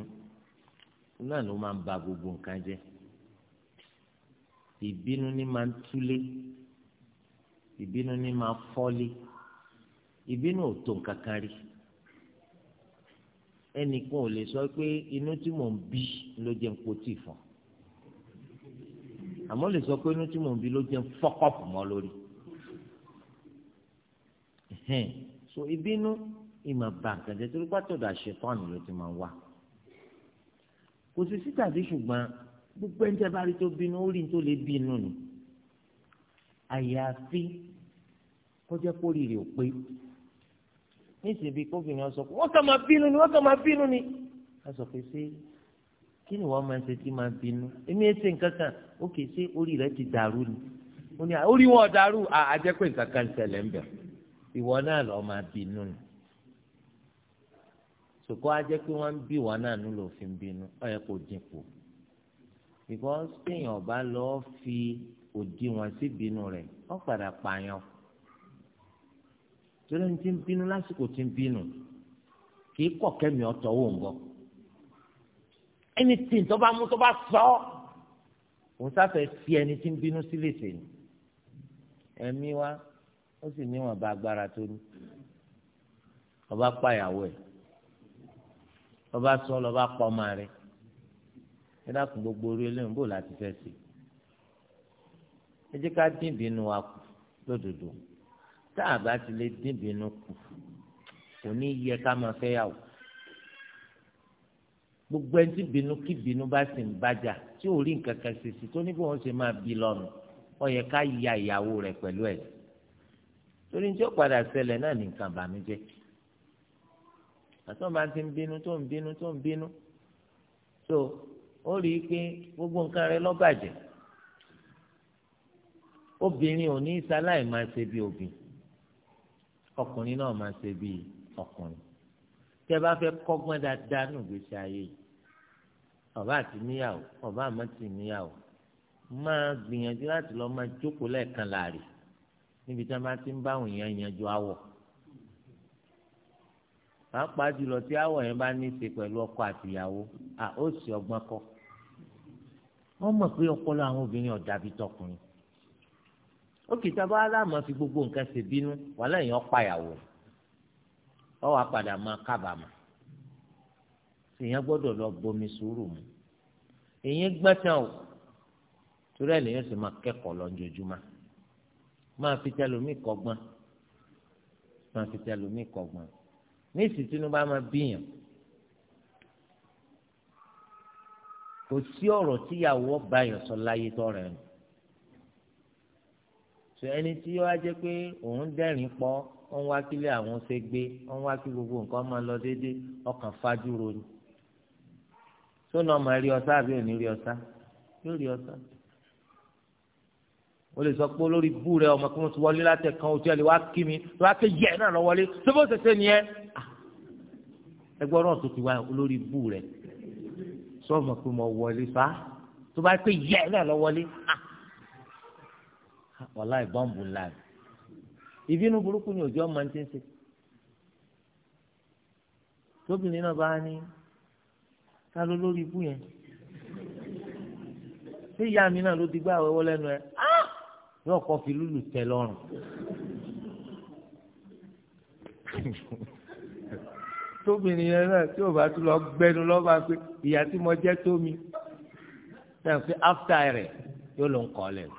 náà ló máa ń ba gbogbo nǹkan jẹ́ ìbínú ni máa ń túlé ìbínú ni máa fọ́lé ìbínú ò tó nǹkan kan rí ẹnìkan ò lè sọ pé inú tí mò ń bí ló jẹ́ nǹkó tì fún àmọ́ lè sọ pé inú tí mò ń bí ló jẹ́ fọ́kọ̀pù mọ́ lórí so ìbínú ìmọ̀ bàǹkà jẹ́ torí pátọ̀dọ̀ àṣetọ́nù ló ti máa wà kò sí sí tàbí ṣùgbọ́n gbogbo ẹni tẹ́ bá rí tó bínú ó rí tó lè bínú ni àyàfi kọjá kórìíre ò pé níṣẹ́bí kófìnrin ọ̀sọ̀ pé wọ́n kà máa bínú ni wọ́n kà máa bínú ni. wọ́n sọ pé ṣé kí ni wọ́n máa ń ṣe tí máa bínú èmi ẹ̀ ṣe nǹkan kan ó kì í ṣe orí rẹ̀ ti dàrú ni ó ní orí wọn dàrú àjẹpẹ́ nǹkan kan ṣẹlẹ̀ ń bẹ̀ ìwọ náà lọ́ọ́ máa bínú ni sòkò ajẹ́ pé wọ́n ń bí wọn náà ló fi ń bínú ẹ̀ kò dínkù because téèyàn bá lọ́ọ́ fi òdiwọ̀n sí bínú rẹ̀ wọ́n padà torí ẹni tí ń bínú lásìkò tí ń bínú kì í kọ̀ kẹ́mi ọ̀tọ̀ wò ń bọ̀ ẹni tí tó bá mú tó bá sọ òun sáfẹ́ fi ẹni tí ń bínú sílẹ̀ sẹ́yìn ẹ̀mí wa ó sì níwọ̀n bá agbára tó ní ọba pàyàwó ẹ̀ ọba sọ lọ́ba pa ọmọ rẹ̀ ẹ gbogbo orí eléyìí bò láti fẹ́ sí ẹ jẹ́ ká dín ìbínú wa kù lódodo tá a bá ti lè dín ìbínú kù kò ní yẹ ká máa fẹ́ yàwó gbogbo ẹni tí bínú kí bínú bá sì ń bájà tí ò rí nǹkan kan ṣe tó ní bí wọn ṣe máa bí lọ́nu ó yẹ ká ya ìyàwó rẹ̀ pẹ̀lú ẹ̀ torí ní tí ó padà ṣẹlẹ̀ náà ní nǹkan bànújẹ́ àtọ́ bá ti ń bínú tó ń bínú tó ń bínú tó ó rí i pé gbogbo nǹkan rẹ̀ ló obìnrin ò ní sáláì máa ṣe bí obìnrin ọkùnrin náà máa ṣe bíi ọkùnrin tẹ bá fẹ́ kọ́gbọ́n dáadáa nù gbèsè ayé yìí ọba àti níyàwó ọba àmọ́ ti níyàwó máa gbìyànjú láti lọ máa jókòó lẹ́ẹ̀kan láàrin níbi tí wọ́n bá ti ń bá àwọn èèyàn yanjú awọ pàápàá jùlọ tí awọ yẹn bá ní í ṣe pẹ̀lú ọkọ àtìyàwó à ó sì ọgbọ́n kọ́ wọ́n mọ̀ pé ọpọlọ àwọn obìnrin ọ̀dàbí tọkùnrin ó kì í sábà aláàmọ fi gbogbo nǹkan ṣe bínú wàhálà èèyàn pàyàwó ọ wàá padà máa kábàámọ̀ èèyàn gbọ́dọ̀ lọ bomi sùúrù mu èèyàn gbẹtàn o torí ẹ lèèyàn sì máa kẹ́kọ̀ọ́ lọjọjúmọ́ máa fi tẹlómi kọ́gbọ́n máa fi tẹlómi kọ́gbọ́n ní ìsìtínú bá máa bíyàn kò sí ọ̀rọ̀ tíyàwó ọba yẹn sọ láyé tọrẹ nù sọ ẹni tí ó wá jẹ́ pé òun dẹ́rìn pọ̀ ó ń wá kílé àwọn ṣe gbé ó ń wá kí gbogbo nǹkan máa lọ déédéé ọkàn fájúro ni sónà ọmọ rí ọsá àbí òní rí ọsá yóò rí ọsá o lè sọ pé olórí bú rẹ ọmọ kí wọn ti wọlé látẹkàn ojú ẹ lè wá kí mi lè wá ké yẹ náà lọ wọlé tó bó nìyẹn ah, ẹgbẹ́ tó ti wá olórí bú rẹ sọ ma pé mo wọlé fa tó bá ké yẹ náà lọ wọlé ah wàhálà ìbọ̀m̀bù ńlá ni ìbínú burúkú ni òjò ọmọ ti ń ṣe tóbìnrin náà bá ní ta ló lórí ikú yẹn ṣé ìyá mi náà ló ti gbá àwẹ̀wọ́ lẹ́nu ẹ̀ ah! yóò kọ́ fi lùlù tẹ lọ́rùn tóbìnrin yẹn náà tí ò bá tún lọ gbẹnu lọ́ba pé ìyá tí mo jẹ́ tó mi náà pé áfítà rẹ̀ yóò ló ń kọ́ lẹ́nu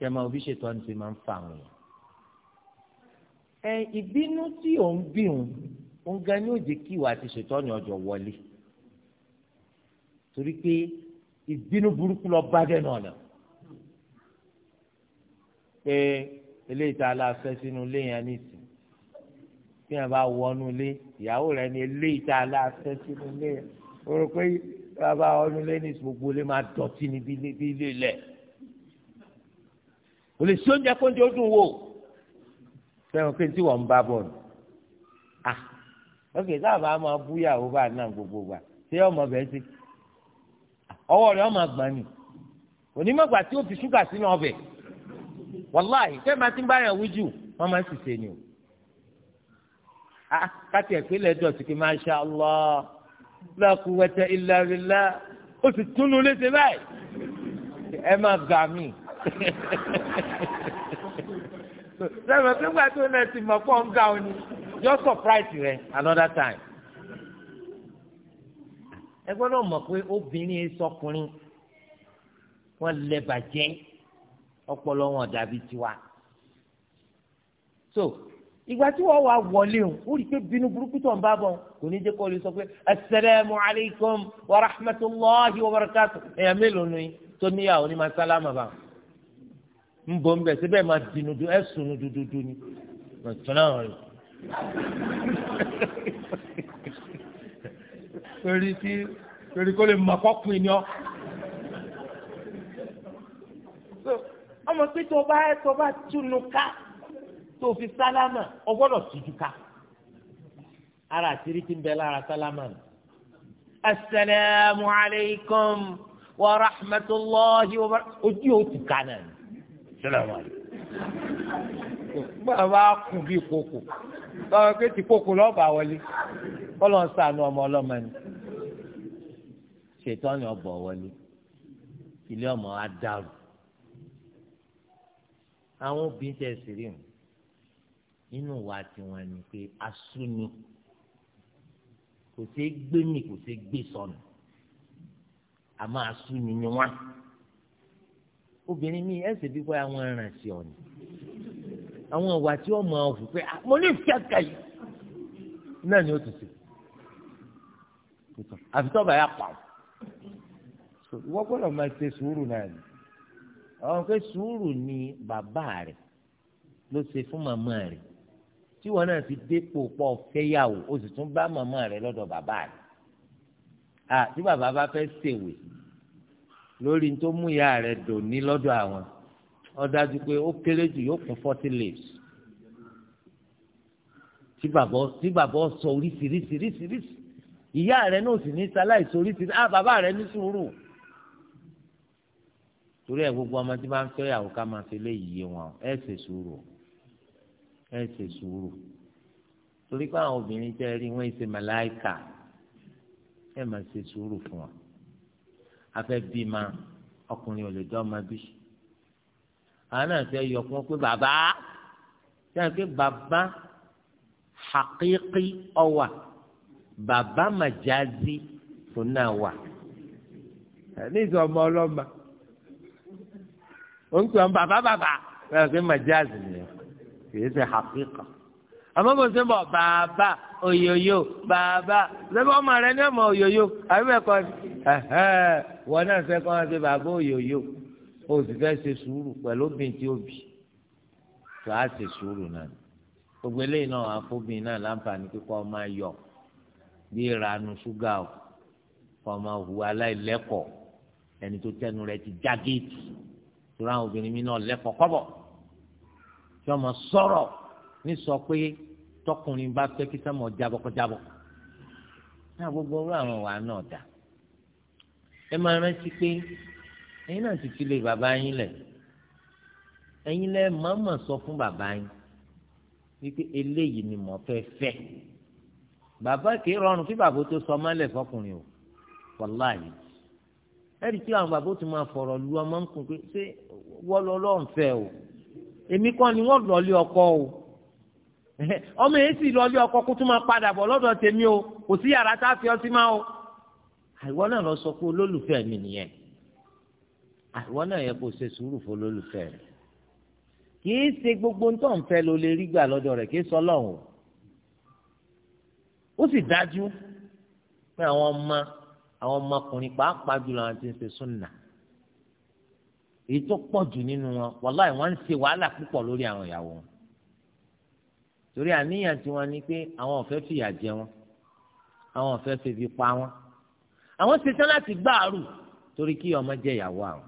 kẹ máa bí ṣètò àti ṣe máa ń fa àwọn èèyàn. ẹ ìbínú tí òun bí òun òun gan ni ó jẹ́ kí ìwà àti ṣètò ọ̀nà ọjọ́ wọlé torí pé ìbínú burúkú lọ bá dẹ́nu ọ̀nà pé eléyìí tá a la fẹ́ sínú ilé yẹn nìsín tí yẹn bá wọnú ilé ìyàwó rẹ ni eléyìí tá a la fẹ́ sínú ilé yẹn o rò pé bàbá wọnú ilé nìsín gbogbo ilé máa dọ̀tí ní ilé ilẹ̀ kò lè sí oúnjẹ kó oúnjẹ ó dùn wò fẹ́ràn pé tí wọ́n ń bá bọ̀ nù. ah ok sáàbà máa búyàwó bá náà gbogbo gbà ṣé ọmọ bẹ́ẹ̀ sí ọwọ́ rẹ̀ ọmọ àgbà nì onímọ̀gbà tí ó fi ṣúgà sínú ọbẹ̀ wàláhì tẹ́ máa ti ń báyàn wí jù wọ́n máa ń ṣe ni o. ah káti ẹ̀pínlẹ̀ dọ̀tí kí masha Allah la quwwata illa billah ó sì túnú léṣe báyìí ẹ máa gà míì. sẹ́wọ̀n nígbà tó náà ti mọ̀ pọ́n ga ọ ni yóò surprise another time. ẹ gbọ́dọ̀ mọ̀ pé obìnrin sọkùnrin wọ́n lè bàjẹ́ ọpọlọ wọn dàbí tiwa. so ìgbà tí wọ́n wá wọlé o ó rí i pé bínú burúkú tó ń bá bọ̀ kò ní jẹ́ kó lè sọ pé asalaamu alaykum wa rahmatulahi wa barakatu ẹ̀yà mélòó ni tó níyàwó ni ma sálámà báwọn ń bọ̀ ń bẹ̀ síbẹ̀ máa dinu du ẹ̀ sunu dúdúdú ni ọ̀tún náà rẹ̀. torí tí torí kó lè mọ̀ kọ́kùn ni ọ́. ọmọ pé tó bá tó bá túnú ká tó fi sálámà ọ gbọ́dọ̀ tújú ká ara àtìrí ti ń bẹ lára sálámà nù. asalaamualeykum wa rahmatulahi wa barakatuh ojú yóò tù ká náà ni sílámà gbọ́dọ̀ bá kú bí kókò lọ́wọ́ pé ti kókò lọ́ọ̀bà wọlé kọ́lọ́ ń sànú ọmọ ọlọ́mọ ni ṣètò ọ̀nà ọ̀bọ̀ wọlé ilé ọmọ á dàrú àwọn obìnrin tẹ̀ sí rí mu nínú wa tiwọn ni pé asúni kò sí gbé mi kò sí gbé sọnù àmọ́ asúni ni wọ́n obìnrin mi ẹsẹ̀ bí bá àwọn aràn sí ọ ni àwọn ìwà tí wọ́n mọ̀ ọ́ fún pé ah, mo ní ìfẹ́ kà yìí náà ni ó ti sè àfi tó bá yà pa ọ́ ìwọ gbọ́dọ̀ máa ṣe sùúrù náà ni àwọn pé sùúrù ni bàbá rẹ̀ ló ṣe fún màmá rẹ̀ tí wọn náà ti dépò pọ̀ fẹ́yàwó o sì tún bá màmá rẹ̀ lọ́dọ̀ bàbá rẹ̀ tí bàbá bá fẹ́ ṣèwé lórí tó mú ìyá rẹ̀ dò ní lọ́dọ̀ àwọn ó dájú pé ó kéré jù yóò kún forty leaves tí bàbá tí bàbá sọ oríṣiríṣiríṣiríṣi ìyá rẹ̀ náà sì ní sáláì sọ oríṣiríṣi ah bàbá rẹ̀ ní sùúrù torí ẹ gbogbo ọmọ tí bá ń fẹ́ ìyàwó ká máa fi léyìí yé wọn ẹ ṣe sùúrù ẹ ṣe sùúrù torí pé àwọn obìnrin tẹ́ rí wọ́n ṣe màláìkà ẹ máa ṣe sùúrù fún wọn afẹ́ bí ma ọkùnrin ò lè dọ́ ọmọ bí àwọn náà fẹ́ yọ fún pé bàbá sẹ́yìn pé bàbá hakíkí ọwà bàbá màjáàzí tó náà wà ní ìsọ ọmọ ọlọ́mà ó ń pè ọ́n bàbá bàbá sẹ́yìn pé màjáàzí ni kì í ṣe hakíkà àmọ́ kò sí bọ̀ bàbá òyòyò bàbá lẹ́bọ̀ ọmọ rẹ ní ọmọ òyòyò àbí bẹ́ẹ̀ kọ́ wọn náà fẹ́ kọ́ wọn ṣe bàbá òyòyò o sì fẹ́ ṣe sùúrù pẹ̀lú obìnrin tí ó bì tó a ṣe sùúrù náà gbogbo eléyìí náà àfọ́bìn náà láǹfààní kíkọ́ máa yọ bí ìranu ṣúgà o kọ́ máa hu aláìlẹ́kọ̀ọ́ ẹni tó tẹnu rẹ ti já géètì tó ráwọn obìnrin mi náà lẹ́kọ̀ọ́ kọ́bọ̀ tí wọ́n sọ̀rọ̀ ní sọ pé tọkùnrin bá fẹ́ kí sẹ́mọ̀ jábọ́ kó jábọ́ náà gbogbo orú àwọn wàá náà dà ẹ máa rántí pé ẹ̀yin náà ti fi lè bàbá yín lẹ̀ ẹ̀yin lẹ́ màmá sọ fún bàbá yín wípé eléyìí ni mo fẹ́ fẹ́ bàbá kìí rọrùn kí bàbá tó sọ mọ́lẹ̀ fọkùnrin o wàláyé ẹ̀rí tí àwọn bàbá tó máa fọ̀rọ̀ lu ọmọ ń kún pé ṣé wọ́n lọ́ọ́ fẹ́ o èmi kọ́ ni wọ́n lọ́ọ́ lé ọkọ o ọmọ yẹn sì lọ lé ọkọ kó tún máa padà bọ̀ lọ́dọ̀ tèmi o kò sí yàrá tá a fi ọtí máa o àìwọ náà lọ sọ pé olólùfẹ́ mi nìyẹn àìwọ náà yẹ kó ṣe sùúrù fún olólùfẹ́ rẹ kìí ṣe gbogbo ń tàn fẹ́ ló lè rí gbà lọ́dọ̀ rẹ̀ kìí sọ lọ́hùn ó sì dájú pé àwọn ọmọ àwọn ọmọkùnrin pàápàá jùlọ àwọn tí ń ṣe súnà èyí tó pọ̀ jù nínú wọn wàláì wọ́n ń ṣe wàhálà púpọ̀ lórí àwọn ìyàwó wọn torí àníyàn tiwọn ni pé àwọn ò fẹ́ fìyà jẹ wọn àwọn ò fẹ́ pa wọn àwọn ṣetán láti gbàrú torí kí ọmọ jẹ ìyàwó àwọn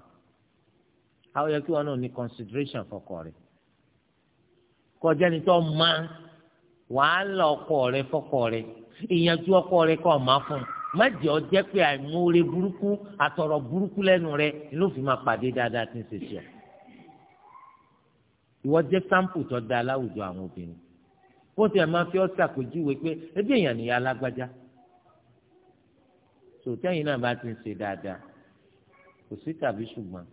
àwọn yẹ kí wọn náà ní consideration fọ́kọ rẹ̀ kọjá ni tó ma wàhálà ọkọ rẹ̀ fọ́kọ rẹ̀ ìyànjú ọkọ rẹ̀ kọ máa fún un má jẹ́ ọ jẹ́ pé àìmúre burúkú àtọ̀rọ̀ burúkú lẹ́nu rẹ̀ ló fi máa pàdé dáadáa tí ń ṣe sí ìwọ jẹ́ sáǹpù tó dáa láwùjọ àwọn obìnrin wọ́n ti ẹ̀ máa fi ọ́ ṣàpèjúwe pé ebi èèyàn nìyá alágbájá sòtẹ́yìn náà bá ti ń ṣe dáadáa kò sí tàbí ṣùgbọ́n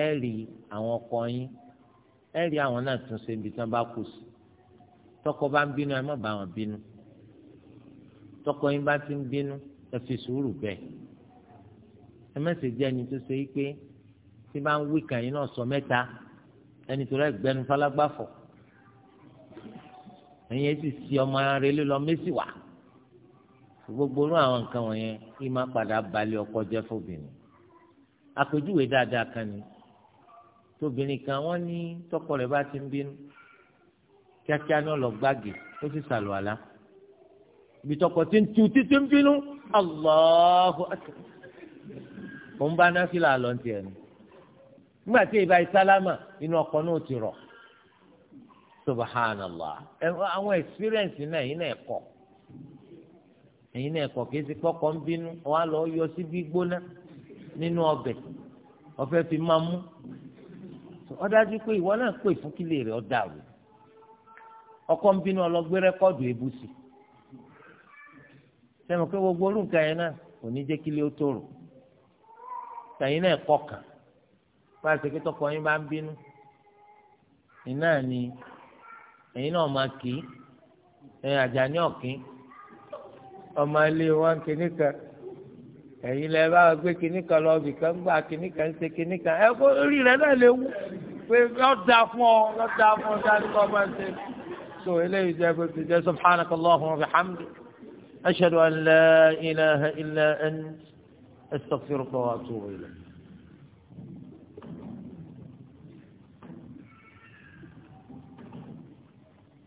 ẹ rí àwọn ọkọ yín ẹ rí àwọn náà tún ṣe ibi tí wọ́n bá kù sí tọkọ bá ń bínú ẹ má bá wọn bínú tọkọ yín bá ti ń bínú ẹ fi sùúrù bẹ́ẹ̀ ẹ mẹ́sẹ̀ jẹ́ ẹni tó ṣe yí pé tí bá ń wí kàn yín náà sọ mẹ́ta ẹni tó rẹ̀ gbẹnu falágbáfọ̀ ẹ̀yin ẹ̀ sì si ọmọ rẹ lé lọ mẹ́sì wá gbogbo inú àwọn nǹkan wọ̀nyẹn kí má padà balẹ̀ ọkọ jẹ́ fóbìnrin àpèjúwe dáadáa kan ni tóbìnrin kan wọ́n ní tọkọ rẹ̀ bá ti ń bínú kíákíá náà lọ gbági ó sì sàlùwàlá ibi tọkọ ti ń tu títí ń bínú Allahu akbar òun bá náfìlà lọ́ntì ẹ̀ nígbà tí ìbá ìsálámà inú ọkọ náà ti rọ̀ subhanallah àwọn experience náà yìí náà kọ èyí náà kọ kìí ti kọkọ ń bínú wọn lọ yọ sí gbígbóná nínú ọbẹ̀ ọfẹ fi máa mú ó dájú pé ìwọ náà pè fún kílè rẹ ọdà rẹ ọkọ ń bínú ọlọgbé rẹkọọdù ebusi sẹmu pé gbogbo orúkọ yẹn náà kò ní jẹ́ kílè ó tòrò tẹ̀yìn náà kọkàn bá a tọkọ yín bá ń bínú ẹ̀yin náà máa kì í ẹ̀yin àjàní ọ̀kín ọmọ ilé wọn kìíní kan ẹ̀yin lẹ bá gbé kìíní kan lọ bì kan gbà kìíní kan ṣe kìíní kan ẹ kó orí rẹ náà lè wú pé lọ́dà fún ọ lọ́dà fún ọ sáré kọ́ máa ṣe so eléyìí jẹ́ bó ti jẹ́ subhanakallahumma wa bihamdika ashhadu an la ilaha illa anta astaghfiruka wa atubu ilayk.